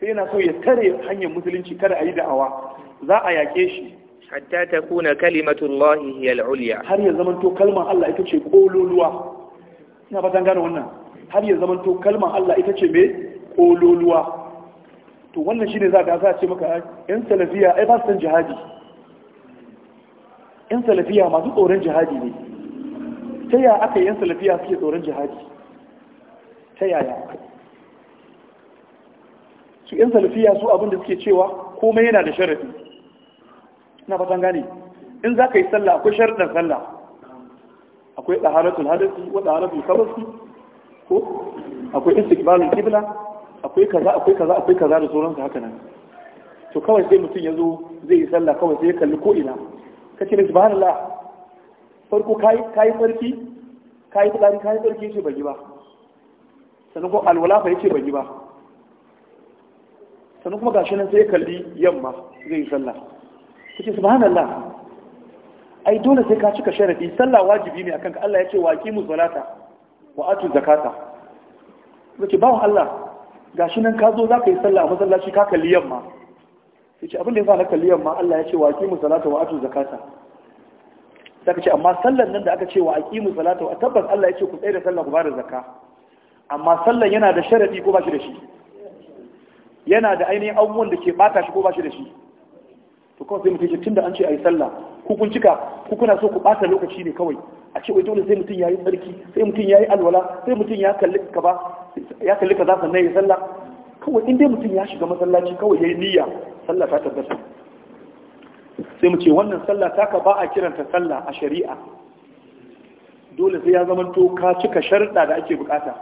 Speaker 1: sai yana so ya tare hanyar musulunci kada ayi da'awa za
Speaker 2: a yake shi hatta takuna kalimatullahi hiya al-ulya
Speaker 1: har ya to kalmar Allah ita ce kololuwa ina ba gane wannan har ya zamanto kalmar Allah ita ce me ƙololuwa. to wannan shi ne za ka ce maka yan salafiya ai ba su san jihadi yan salafiya masu tsoron jihadi ne ta yaya aka yan salafiya suke tsoron jihadi ta yaya su yan salafiya su abin da suke cewa komai yana da sharafi na fatan gane in za ka yi sallah akwai sharaɗin sallah akwai ɗaharatul hadasi wa ɗaharatul kabasi ko akwai istikbalin kibla akwai kaza akwai kaza akwai kaza da sauransu haka nan to kawai sai mutum ya zo zai yi sallah kawai sai ya kalli ko ina ka ce mai la, farko kayi sarki
Speaker 2: kayi fitsari kayi sarki ya ce
Speaker 1: yi ba sannan ko alwala ya ce bai yi ba sannan kuma gashi nan sai ya kalli yamma zai yi sallah ka ce la, ai dole sai ka cika sharadi sallah wajibi ne akan ka Allah ya ce wa aqimu salata wa atu zakata ba bawon Allah Ga shi nan ka zo za ka yi sallah a masallaci ka kalli yamma sai ce abin da ya sa na kalli yamma Allah ya ce wa aqimu salata wa atu zakata ka ce amma sallan nan da aka ce wa aqimu salata wa tabbas Allah ya ce ku tsaya da sallah ku bada zakka amma sallan yana da sharadi ko ba shi da shi yana da ainihin abubuwan da ke bata shi ko ba shi da shi to kawai sai mutum tunda an ce a yi sallah ku kun cika ku kuna so ku ɓata lokaci ne kawai a ce wai dole sai mutum ya yi tsarki sai mutum ya yi alwala sai mutum ya kalli ka ya kalli yi ya sallah kawai in dai mutum ya shiga masallaci kawai ya yi niyya sallah ta tabbata sai mu ce wannan sallah ta ka ba a kiranta sallah a shari'a dole sai ya zamanto ka cika sharuɗa da ake bukata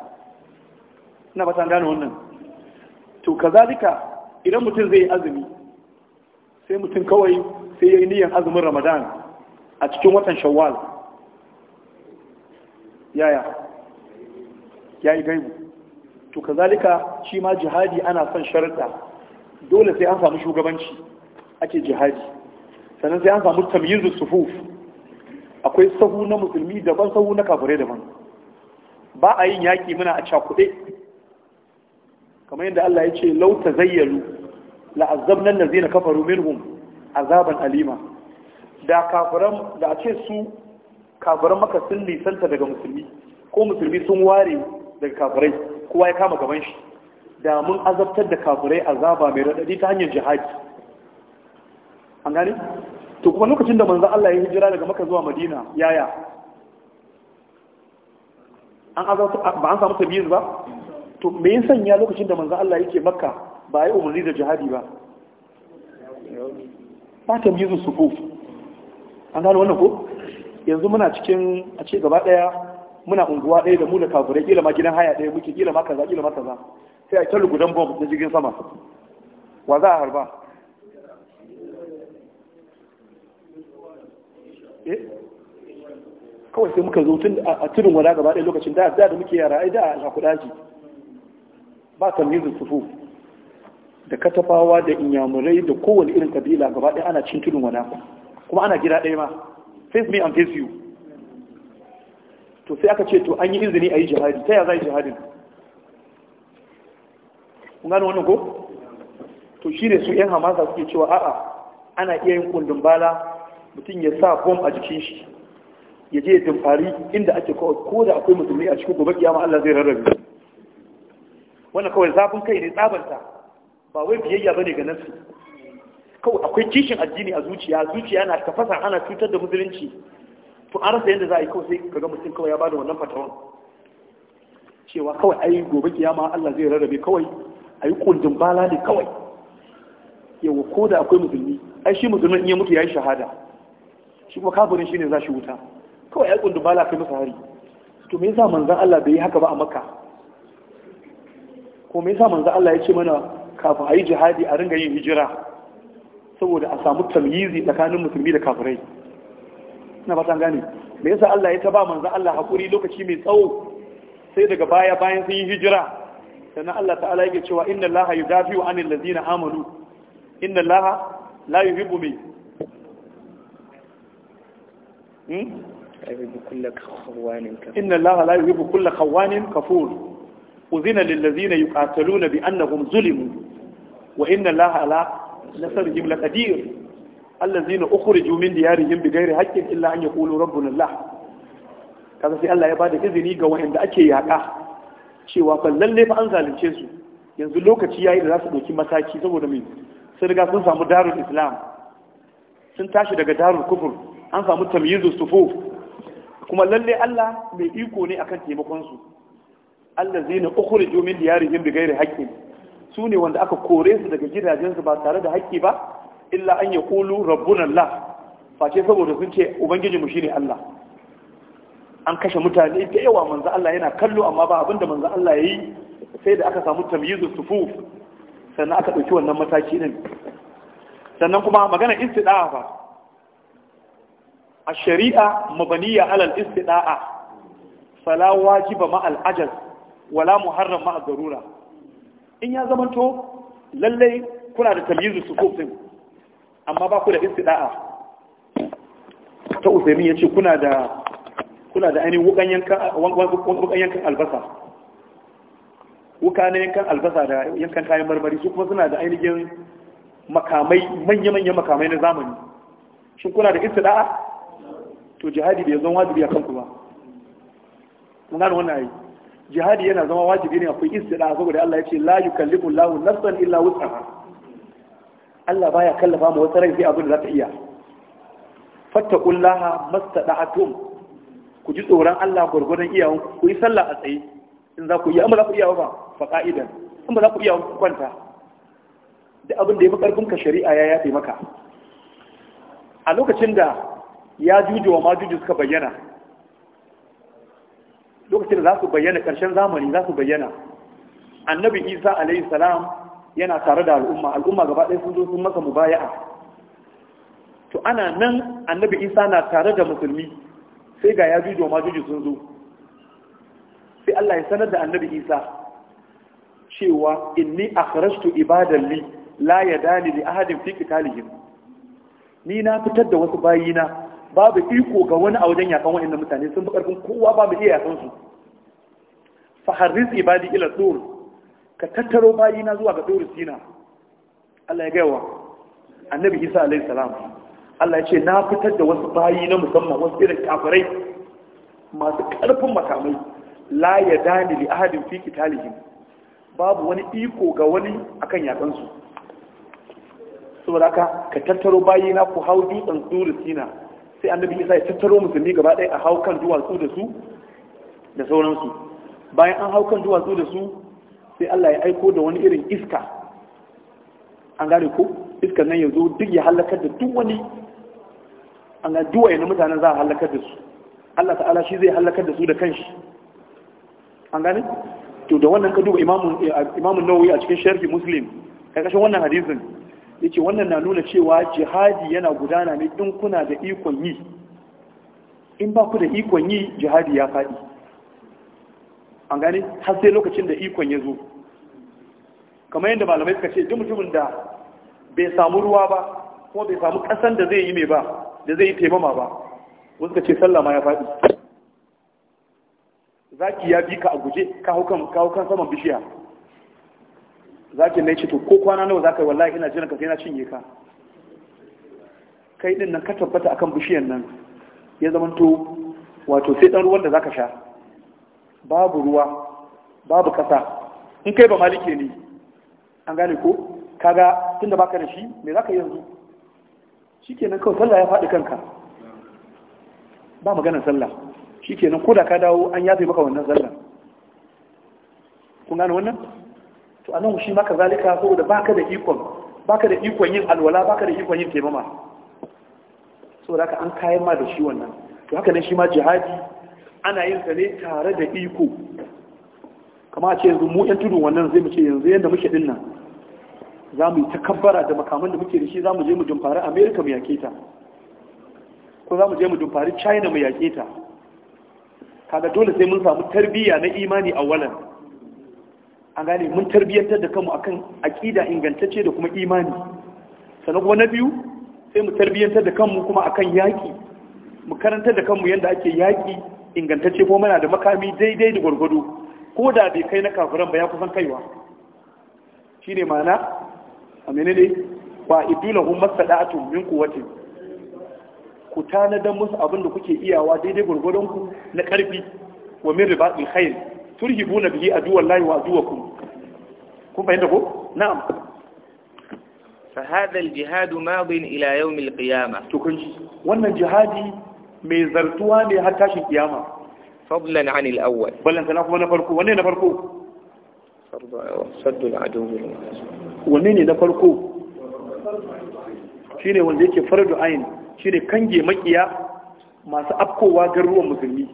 Speaker 1: ina ba ta gane wannan to kazalika idan mutum zai yi azumi sai mutum kawai sai ya yi niyyar azumin ramadan a cikin watan shawwal yaya ya yi gaibu to kazalika shi ma jihadi ana son sharaɗa dole sai an samu shugabanci ake jihadi sannan sai an samu tamyizu sufuf akwai sahu na musulmi daban sahu na kafirai daban ba a yin yaƙi muna a cakuɗe kamar yadda Allah ya ce lauta zayyalu la'azzabnan lazina kafaru minhum azaban alima da kafiran da a ce su kafiran maka sun nisanta daga musulmi ko musulmi sun ware daga kafirai kowa ya kama gaban shi da mun azabtar da kafirai azaba mai radadi ta hanyar jihadi an gani? to kuma lokacin da manzo Allah ya hijira daga Makka zuwa Madina yaya an azabta ba an samu tabiyin ba to me ya sanya lokacin da manzo Allah yake Makka ba yi umarni da jihadi ba ba ta mizu su ko an gano wannan ko yanzu muna cikin a ce gaba daya muna unguwa ɗaya da muna da kila ma gidan haya ɗaya muke kila ma kaza kila ma kaza sai a kyallu gudan bomb na jirgin sama wa za a harba eh? kawai sai muka zo tun a tunin wada gaba ɗaya lokacin da da muke yara ai da a kudaji ba tamyizin sufu da katafawa da inyamurai da kowane irin kabila gaba ɗaya ana cin tunin wana kuma ana gida ɗaya ma face me and face you to sai aka ce to an yi izini a yi jihadi ta ya za yi jihadin kun gano wannan ko to shi ne su yan hamasa suke cewa a'a ana iya yin kundin bala mutum ya sa fom a jikin shi ya je ya inda ake kawai ko da akwai musulmi a cikin gobe kiyama Allah zai rarrabe wannan kawai zafin kai ne tsabanta ba wai biyayya bane ga nasu kawai akwai kishin addini a zuciya zuciya na tafasa ana cutar da musulunci to an rasa yadda za a yi kawai sai ka ga mutum kawai ya bada wannan fatawan cewa kawai ayi gobe kiyama Allah zai rarrabe kawai ayi kundin bala ne kawai yawa ko da akwai musulmi ai shi musulmin in ya mutu yayi shahada shi kuma kafirin shine za shi wuta kawai ai kundin bala kai masa hari to me yasa manzon Allah bai yi haka ba a Makka ko me yasa manzon Allah ya ce mana kafin a yi jihadi a ringa yin hijira saboda a samu tamyizi tsakanin musulmi da kafirai ina fatan gane me yasa Allah ya taba manzo Allah hakuri lokaci mai tsawo sai daga baya bayan sun yi hijira sannan Allah ta'ala yake cewa inna Allah yudafi'u anil ladina amanu inna Allah la yuhibbu min إن الله لا يحب كل خوان كفور أذن للذين يقاتلون بأنهم ظلموا wa inna allaha ala nasrihim laqadir allazina ukhriju min diyarihim bighairi haqqin illa an yaqulu rabbuna allah kaga sai Allah ya bada izini ga wanda ake yaka cewa fa lalle fa an zalunce su yanzu lokaci yayi da za su dauki mataki saboda mai sun riga sun samu darul islam sun tashi daga darul kufur an samu tamyizu sufu kuma lalle Allah mai iko ne akan taimakon su allazina ukhriju min diyarihim bighairi haqqin su ne wanda aka kore su daga gidajensu ba tare da haƙƙi ba illa an ya kulu rabbun Allah face saboda sun ce ubangijinmu shine Allah an kashe mutane da yawa manzo Allah yana kallo amma ba abinda manzo Allah yayi sai da aka samu tamyizu sufuf sannan aka dauki wannan mataki din sannan kuma magana istida'a ba. ash-shari'a mabaniya ala al-istida'a fala wajiba ma al-ajaz wala muharram ma ad-darura in ya zamanto lallai kuna da tamyizu sufufin amma ba ku da istida'a ta usaimin yace kuna da kuna da ainihin wukan yankan albasa wuka na yankan albasa da yankan kayan marmari su kuma suna da ainihin makamai manya-manyan makamai na zamani shin kuna da istida'a to jihadi bai zan wajibi a kanku ba mun gane wannan ayi jihadi yana zama wajibi ne akwai istida saboda Allah ya ce la yukallifu Allahu nafsan illa wus'aha Allah baya kallafa mu wata rai sai abin da za ta iya fattaqullaha mastada'atum ku ji tsoron Allah gurgurdan iyawan ku yi sallah a tsaye in za ku yi amma za ku iya ba fa qa'idan in ba za ku iya ku kwanta da abin da ya fi karfin ka shari'a ya yafe maka a lokacin da ya jujuwa ma majuju suka bayyana lokacin da za su bayyana ƙarshen zamani za su bayyana annabi isa alayhi salam yana tare da al'umma al'umma gaba ɗaya sun zo sun masa mubaya'a to ana nan annabi isa na tare da musulmi sai ga ya jujo ma jujo sun zo sai Allah ya sanar da annabi isa cewa inni akhrajtu ibadan li la yadali li ahadin fi qitalihim ni na fitar da wasu bayina babu iko ga wani a wajen yakan wa'annan mutane sun fi ƙarfin kowa babu iya yakan su fa harris ibadi ila dur ka tattaro bayi na zuwa ga dur sina Allah ya gaya wa annabi Isa alaihi salam Allah ya ce na fitar da wasu bayi na musamman wasu irin kafirai masu ƙarfin makamai la ya dani li ahadin fi qitalihim babu wani iko ga wani akan yakan su saboda ka tattaro bayi na ku hau dutsen dur sina sai annabi isa ya tattaro musulmi gaba ɗaya a hau kan duwatsu da su da sauransu bayan an hau kan duwatsu da su sai Allah ya aiko da wani irin iska an gane ko iska nan ya zo duk ya hallakar da duk wani an ga duwa na mutanen za a hallakar da su Allah ta'ala shi zai hallakar da su da kanshi an gane to da wannan ka duba imamun imamun nawawi a cikin sharhi muslim karkashin wannan hadisin yake wannan na nuna cewa jihadi yana gudana ne in kuna da ikon yi in ba ku da ikon yi jihadi ya faɗi an gane har sai lokacin da ikon ya zo kamar yadda malamai suka ce duk mutumin da bai samu ruwa ba ko bai samu ƙasan da zai yi mai ba da zai yi taimama ba wasu ka ce sallama ya faɗi zaki ya bi ka a guje ka saman bishiya ki mai cito to ko kwana nawa za ka yi wallahi ina jiran ka sai na cinye ka kai din nan ka tabbata akan bishiyan nan ya to wato sai dan ruwan da zaka sha babu ruwa babu kasa in kai ba malike ne an gane ko kaga tunda baka da shi me zaka yanzu shikenan kawai sallah ya faɗi kanka ba maganar sallah shikenan ko da ka dawo an yafe maka wannan sallah kun gane wannan to anan shi maka zalika saboda baka da ikon baka da ikon yin alwala baka da ikon yin taimama saboda ka an kayan ma da shi wannan to haka ne shi ma jihadi ana yin sa ne tare da iko Kamar a ce yanzu mu yan tudun wannan zai mu ce yanzu yadda muke din nan za mu yi takabbara da makaman da muke da shi za mu je mu jumfari amerika mu yaƙe ta ko za mu je mu jumfari china mu yaƙe ta kaga dole sai mun samu tarbiyya na imani a wannan a gane mun tarbiyyantar da kanmu akan aƙida ingantacce da kuma imani sanan kuma na biyu sai mu tarbiyyantar da kanmu kuma akan yaki mu karantar da kanmu yadda ake yaki ingantacce ko muna da makami daidai da gwargwado ko da bai kai na kafiran ba ya kusan kaiwa shine ma'ana a menene ba idula masada'atu min quwwati ku tana tanadan musu abin da kuke iyawa daidai gwargwadon ku na karfi wa min ribatil khair turhibuna bihi aduwallahi wa aduwakum
Speaker 2: kun fahimta ko na'am فهذا الجهاد ماض إلى يوم القيامة
Speaker 1: تكنجي وانا جهادي ميزرتواني حتى شي قيامة فضلا عن الأول na farko, نفرقو نفرقو وانا نفرقو صد العدو وانا نفرقو shine wanda yake fardu ayin shine kange makiya masu afkowa garuruwan musulmi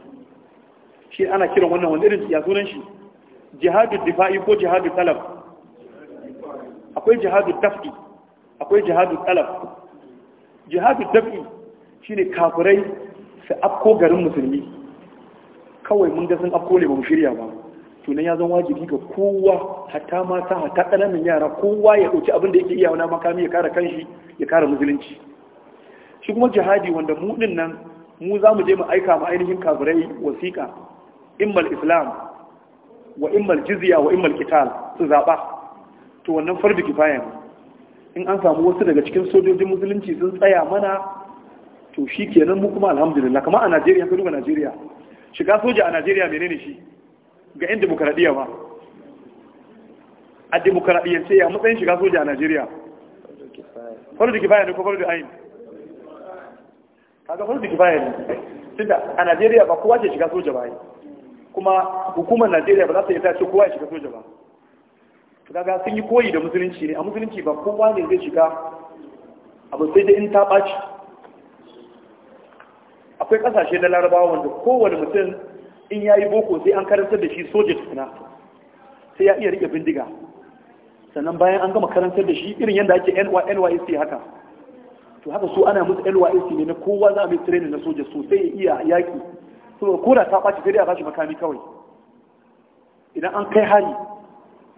Speaker 1: shi ana kiran wannan wani irin yasunan shi jihadu difa'i ko jihadu talab akwai jihadu tafi akwai jihadu talab tafi shi shine kafirai su afko garin musulmi kawai mun ga afko ne ba mu shirya ba tunan ya zan wajibi ga kowa hatta mata hatta ƙananan yara kowa ya ɗauki abin da yake iya wani makami ya kare kanshi ya kara musulunci shi kuma jihadi wanda mu mu za mu je mu aika ma ainihin kafirai wasiƙa immal islam wa immal jizya wa immal qital su zaba to wannan fardu kifaya ne in an samu wasu daga cikin sojojin musulunci sun tsaya mana to shi kenan mu kuma alhamdulillah kama a Najeriya ka duba Najeriya shiga soja a Najeriya menene shi ga yan demokradiya ma a demokradiyyance ya matsayin shiga soja a Najeriya fardu kifaya ne ko fardu ayin kaga fardu kifaya ne tunda a Najeriya ba kowa ke shiga soja ba yi kuma hukumar najeriya ba za ta yi ta ce kowa ya shiga soja ba kaga sun yi koyi da musulunci ne a musulunci ba kowa ne zai shiga abu sai da in ta ɓaci akwai ƙasashe na larabawa wanda kowane mutum in ya yi boko sai an karantar da shi soja tukuna sai ya iya riƙe bindiga sannan bayan an gama karantar da shi irin yadda ake nysc haka to haka su ana musu nysc ne na kowa za a mai training na soja sosai ya iya yaƙi so koda ta ɓaci gari a bashi makami kawai idan an kai hari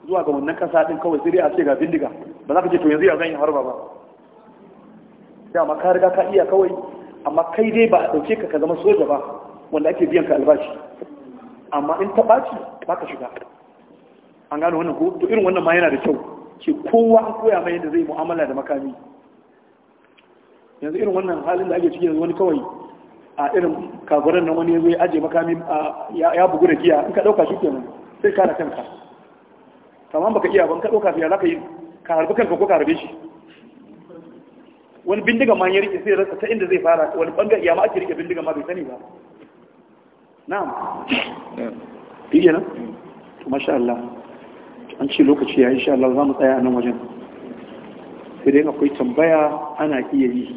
Speaker 1: zuwa ga wannan kasa din kawai sai a ce ga bindiga ba za ka ce to yanzu ya zan yi harba ba amma ka riga ka iya kawai amma kai dai ba a ɗauke ka ka zama soja ba wanda ake biyan ka albashi amma in ta ɓaci ba ka shiga an gano wannan ko to irin wannan ma yana da kyau ke kowa an koya mai yadda zai mu'amala da makami yanzu irin wannan halin da ake ciki yanzu wani kawai a irin kafiran nan wani zai aje makami ya bugu da giya in ka ɗauka shi kenan sai kare kanka ba baka iya ban ka ɗauka fiya za ka yi ka harbi kanka ko ka harbe shi wani bindiga ma ya rike sai rasa ta inda zai fara wani ɓangar iya ma ake rike bindiga ma bai sani ba na'am iya nan to masha Allah an ce lokaci ya sha Allah za mu tsaya a nan wajen sai dai akwai tambaya ana iya yi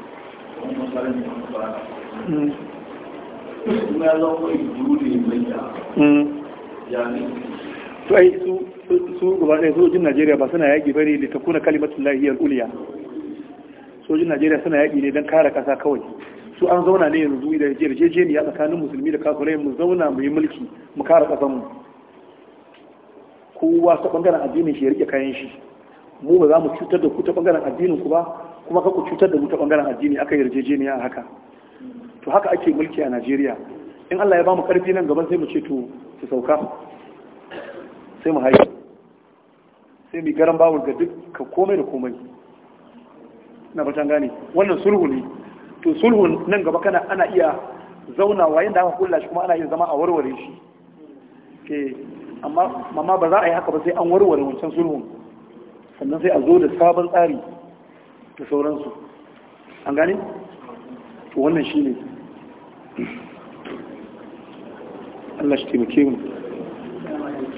Speaker 1: to ai su su gaba ɗaya sojin najeriya ba suna yaƙi bane da ta kuna kalimatun lahiyar uliya sojin najeriya suna yaƙi ne don kare ƙasa kawai su an zauna ne yanzu da yarjejeniya tsakanin musulmi da kafirai mu zauna mu yi mulki mu kare ƙasanmu kowa ta ɓangaren addinin shi ya riƙe kayan shi mu ba za mu cutar da ku ta ɓangaren addinin ku ba kuma ka ku cutar da mu ta bangaren addini aka yarjejeniya haka to haka ake mulki a Najeriya in Allah ya ba mu karfi nan gaban sai mu ce to su sauka sai mu haihu sai mu garan bawul ga dukkan komai da komai na fatan gane wannan sulhu ne to sulhu nan gaba kana ana iya zaunawa yanda aka kula shi kuma ana iya zama a warware shi ke eh, amma ba za a yi haka ba sai an warware wancan sulhun sannan sai a zo da sabon tsari da sauransu an gane? wannan shi ne Allah shi taimake mu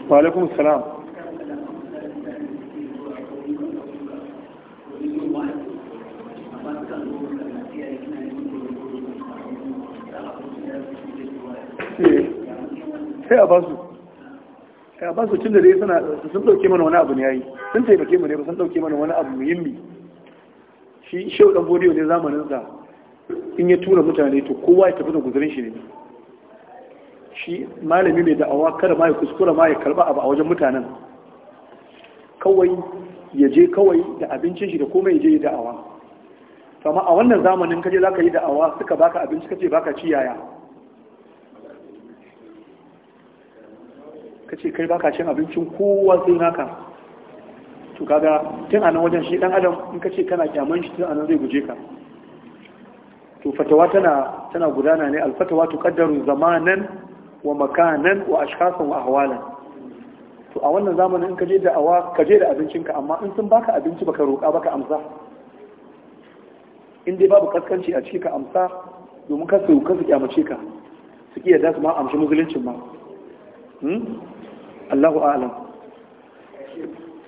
Speaker 1: wa alaikum salam eh, sai a basu sai eh, a basu tun da dai sun dauke mana wani abu ne yayi sun taimake mu ne ba sun dauke mana wani abu muhimmi shi shau dan bodiyo ne zamaninsa in ya tura mutane to kowa ya tafi da guzurin shi ne shi malami mai da'awa kada ma ya kuskura ma ya karba abu a wajen mutanen kawai ya je kawai da abincin shi da komai ya je yi da'awa amma a wannan zamanin kaje za ka yi da'awa suka baka abinci kace baka ci yaya kace kai baka cin abincin kowa sai naka to kaga tun a nan wajen shi dan adam in ka ce kana kyaman shi tun a nan zai guje ka to fatawa tana tana gudana ne alfatawa tuqaddaru zamanan wa makanan wa ashkhasan wa ahwalan to a wannan zamanin in ka je da awa ka je da abincinka amma in sun baka abinci baka roƙa baka amsa in dai babu kaskanci a ciki ka amsa domin ka su ka su kyamace ka su kiyar da su ma amshi musuluncin ma hmm? Allahu a'lam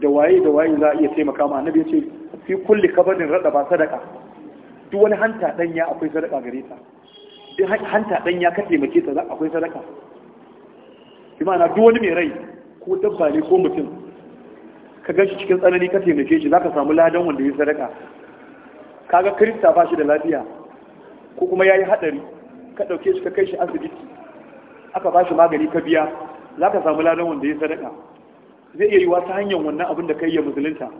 Speaker 1: da waye da waye za a iya taimaka ma annabi ya ce fi kulli kabarin rada ba sadaka duk wani hanta danya akwai sadaka gare ta duk hanta danya ka taimake ta akwai sadaka bi ma'ana duk wani mai rai ko dabba ne ko mutum ka ga shi cikin tsanani ka taimake shi zaka samu ladan wanda ya sadaka kaga kirista ba shi da lafiya ko kuma yayi hadari ka dauke shi ka kai shi asibiti aka ba shi magani ka biya zaka samu ladan wanda ya sadaka zai iya yiwa ta hanyar wannan abin da kai ya musulunta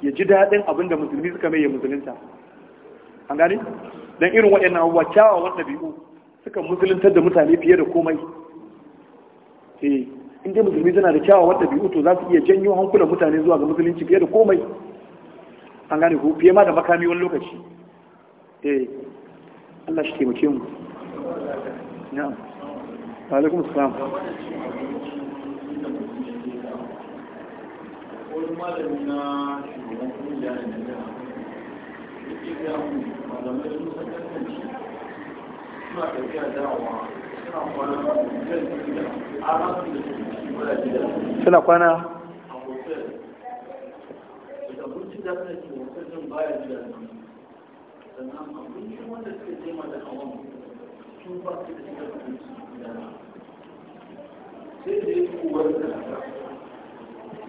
Speaker 1: ya ji daɗin abin da musulmi suka mai ya musulunta an gani? don irin waɗannan abubuwa kyawawan ɗabi'u suka musuluntar da mutane fiye da komai eh inda musulmi suna da kyawawan ɗabi'u to za su iya janyo hankulan mutane zuwa ga musulunci fiye da komai an gane ko fiye ma da makami wani lokaci eh Allah shi taimake mu na'am wa alaikum assalam
Speaker 3: wani malami na shugaban kungiya da da ke malamai sun san kasance suna tafiya dawa suna kwana a da su gida suna kwana a hotel da da ke hotel din baya gida sannan abincin wanda da sun ba su da gida sai da ya da haka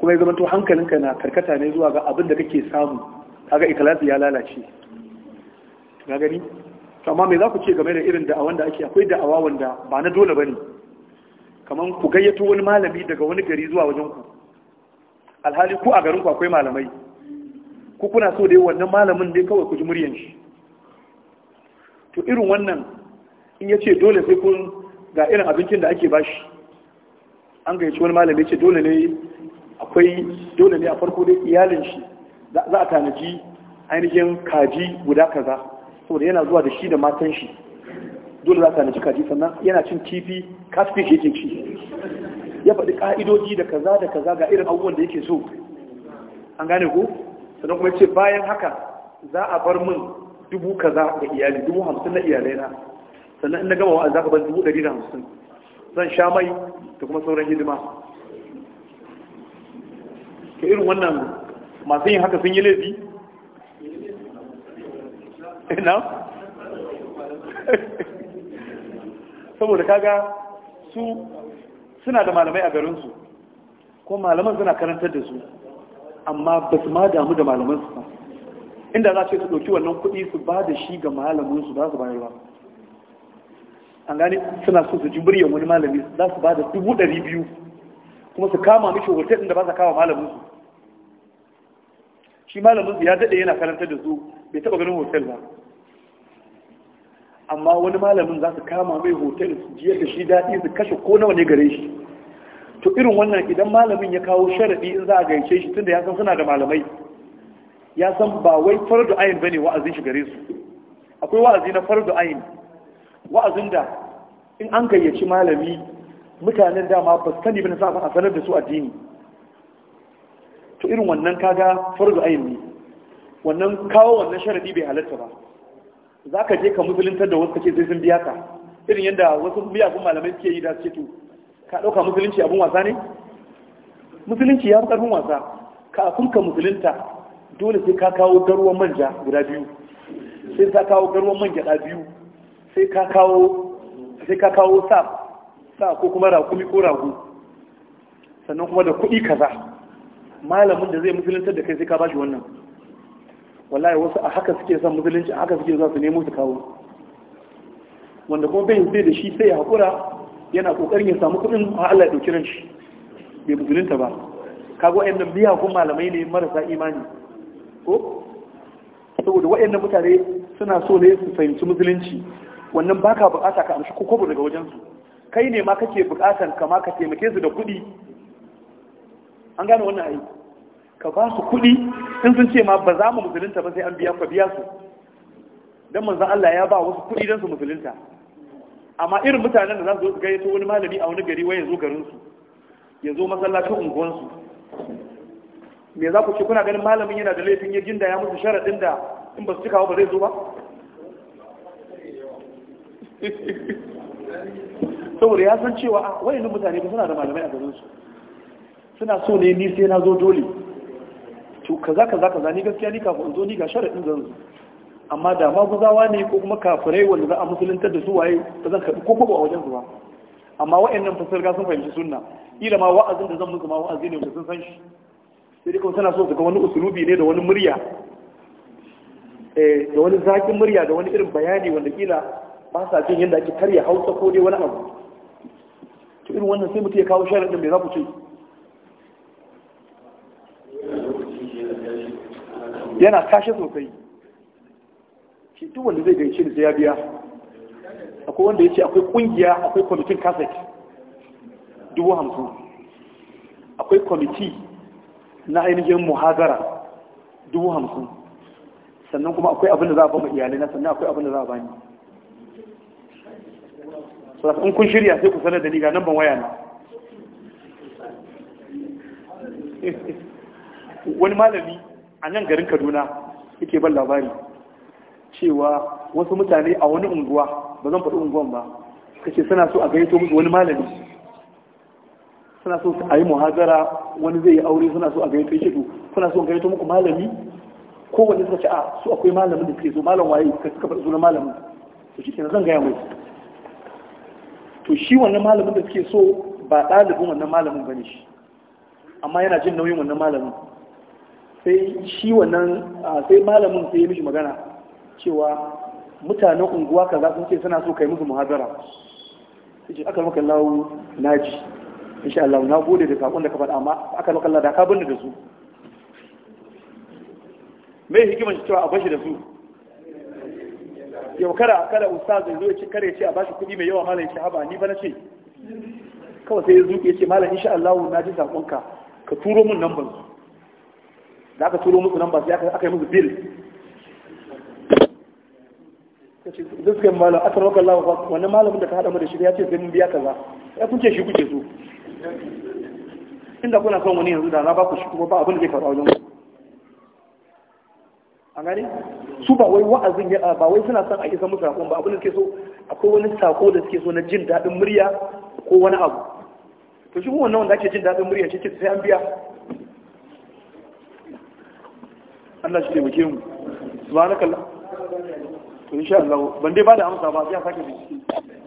Speaker 1: kuma ya zamanto hankalinka na karkata ne zuwa ga abin da kake samu kaga ikhlasi ya lalace ga gani to amma me za ku ce game da irin da wanda ake akwai da awa wanda ba na dole bane kaman ku gayyato wani malami daga wani gari zuwa wajen ku alhali ku a garin ku akwai malamai ku kuna so dai wannan malamin dai kawai ku ji muryan shi to irin wannan in ya ce dole sai kun ga irin abincin da ake bashi an gayyaci wani malami ce dole ne akwai dole ne a farko dai iyalin shi za a tanaji ainihin kaji guda kaza saboda yana zuwa da shi da matan shi dole za a tanaji kaji sannan yana cin kifi kaspik yake shi. ya faɗi ƙa'idoji da kaza da kaza ga irin abubuwan da yake so an gane ko sannan kuma ce bayan haka za a bar min dubu kaza ga iyali dubu hamsin na iyalai na sannan in na gama wa'azi za ka bar dubu ɗari da hamsin zan sha mai da kuma sauran hidima to irin wannan masu yin haka sun yi laifi ina saboda kaga su suna da malamai a garinsu ko malaman suna karantar da su amma ba su ma damu da malaman su ba inda za ce su ɗauki wannan kuɗi su ba da shi ga malamin su za su bayar ba an gani suna so su ji muryar wani malami za su ba da dubu ɗari biyu kuma su kama mishi hotel da ba su kama malamin su shi malamin ya daɗe yana karantar da su bai taɓa ganin hotel ba amma wani malamin za su kama mai hotel su ji yadda shi daɗi su kashe ko nawa ne gare shi to irin wannan idan malamin ya kawo sharaɗi in za a gaice shi tunda ya san suna da malamai ya san ba wai fardu ayin bane wa'azin shi gare su akwai wa'azi na fardu ayin wa'azin da in an gayyaci malami mutanen dama ba su sani ba na sa a sanar da su addini to irin wannan kaga farzu ayin ne wannan kawo wannan sharadi bai halatta ba za ka je ka musuluntar da wasu kake zai sun biya ka irin yadda wasu biya malamai suke yi da suke to ka ɗauka musulunci abin wasa ne musulunci ya fi ƙarfin wasa kafin ka musulunta dole sai ka kawo garuwan manja guda biyu sai ka kawo garuwan man gyaɗa biyu sai ka kawo sai ka kawo sa sa ko kuma rakumi ko ragu sannan kuma da kuɗi kaza malamin da zai musuluntar da kai sai ka bashi wannan wallahi wasu a haka suke son musulunci a haka suke za su nemo su kawo wanda kuma bai zai da shi sai ya haƙura yana ƙoƙarin ya samu kuɗin a Allah ɗauki ran shi bai musulunta ba kaga wa'annan biya kun malamai ne marasa imani ko saboda wa'annan mutane suna so ne su fahimci musulunci wannan baka bukata ka amshi ko daga wajen su kai ne ma kake bukatan kama ka taimake su da kuɗi an gane wannan aiki ka ba su kuɗi in sun ce ma ba za mu musulunta ba sai an biya ka biya su don manzan Allah ya ba wasu kuɗi don su musulunta amma irin mutanen da za su gayyato wani malami a wani gari wai ya zo garinsu ya zo masallacin unguwansu me za ku ce kuna ganin malamin yana da laifin ya ginda ya musu sharaɗin da in ba su cikawa ba zai zo ba saboda ya san cewa ah, wayannan mutane ba suna da malamai a garinsu suna so ne ni sai na zo dole to kaza kaza kaza ni gaskiya ni kafin zo ni ga sharaɗin zan zo amma da ma guzawa ne ko kuma kafirai wanda za a musulunta da su waye ba zan karɓi ko kuma a wajen su ba amma wa'annan fasar ga sun fahimci sunna ila ma wa'azin da zan musu ma wa'azi ne wanda sun san shi sai dai kuma suna so su ga wani usulubi ne da wani murya eh, da wani zaƙin murya da wani irin bayani wanda kila ba sa jin yadda ake karya hausa ko dai wani abu to irin wannan sai mutum ya kawo sharaɗin me za ku ce yana kashe sosai shi duk wanda zai gaishe da sai ya biya akwai wanda ya ce akwai kungiya akwai kwamitin kaset dubu hamsin akwai kwamiti na ainihin muhazara dubu hamsin sannan kuma akwai abin da za a ba iyalai na sannan akwai abin da za a bani in kun shirya sai ku sanar da ni ga nan ban waya na wani malami a nan garin kaduna yake ban labari cewa wasu mutane a wani unguwa ba zan faɗi unguwan ba kace suna so a gaito musu wani malami suna so a yi muhazara wani zai yi aure suna so a gaito shi suna so a gaito muku malami kowanne suka ce a su akwai malamin da suke so malam waye ka suka faɗi sunan malamin to shi kenan zan gaya mai to shi wannan malamin da suke so ba ɗalibin wannan malamin ne shi amma yana jin nauyin wannan malamin sai shi wannan sai malamin sai ya mishi magana cewa mutanen unguwa za sun ce suna so kai musu muhazara sai ce aka maka lawo naji insha Allah na gode da sakon da ka faɗa amma aka maka lada da ka binne da su me hikimar cewa a bashi da su yau kada kada ustaz zai zo ya ce kare ce a bashi kuɗi mai yawa malam ya ce haba ni ba na ce kawai sai ya zuke ya ce malam insha Allah na ji saƙonka, ka turo mun nan ban da aka turo musu nan ba sai aka yi musu bil duk kai malam a tarwaka Allah wani malamin da ka hada mada da shi ya ce zai mun biya kaza ya eh, kun ce shi kuke so inda kuna son wani yanzu da na ba ku shi kuma ba abin da zai faru a wajen a gani su ba wai wa'azin ya ba wai suna son a isa musu sakon ba abin da ke so akwai wani sako da suke so na jin daɗin murya ko wani abu to shi wannan wanda ake jin daɗin murya shi sai an biya Allah shi taimake mu subhanakallah to insha Allah ban dai ba da amsa ba sai a sake bincike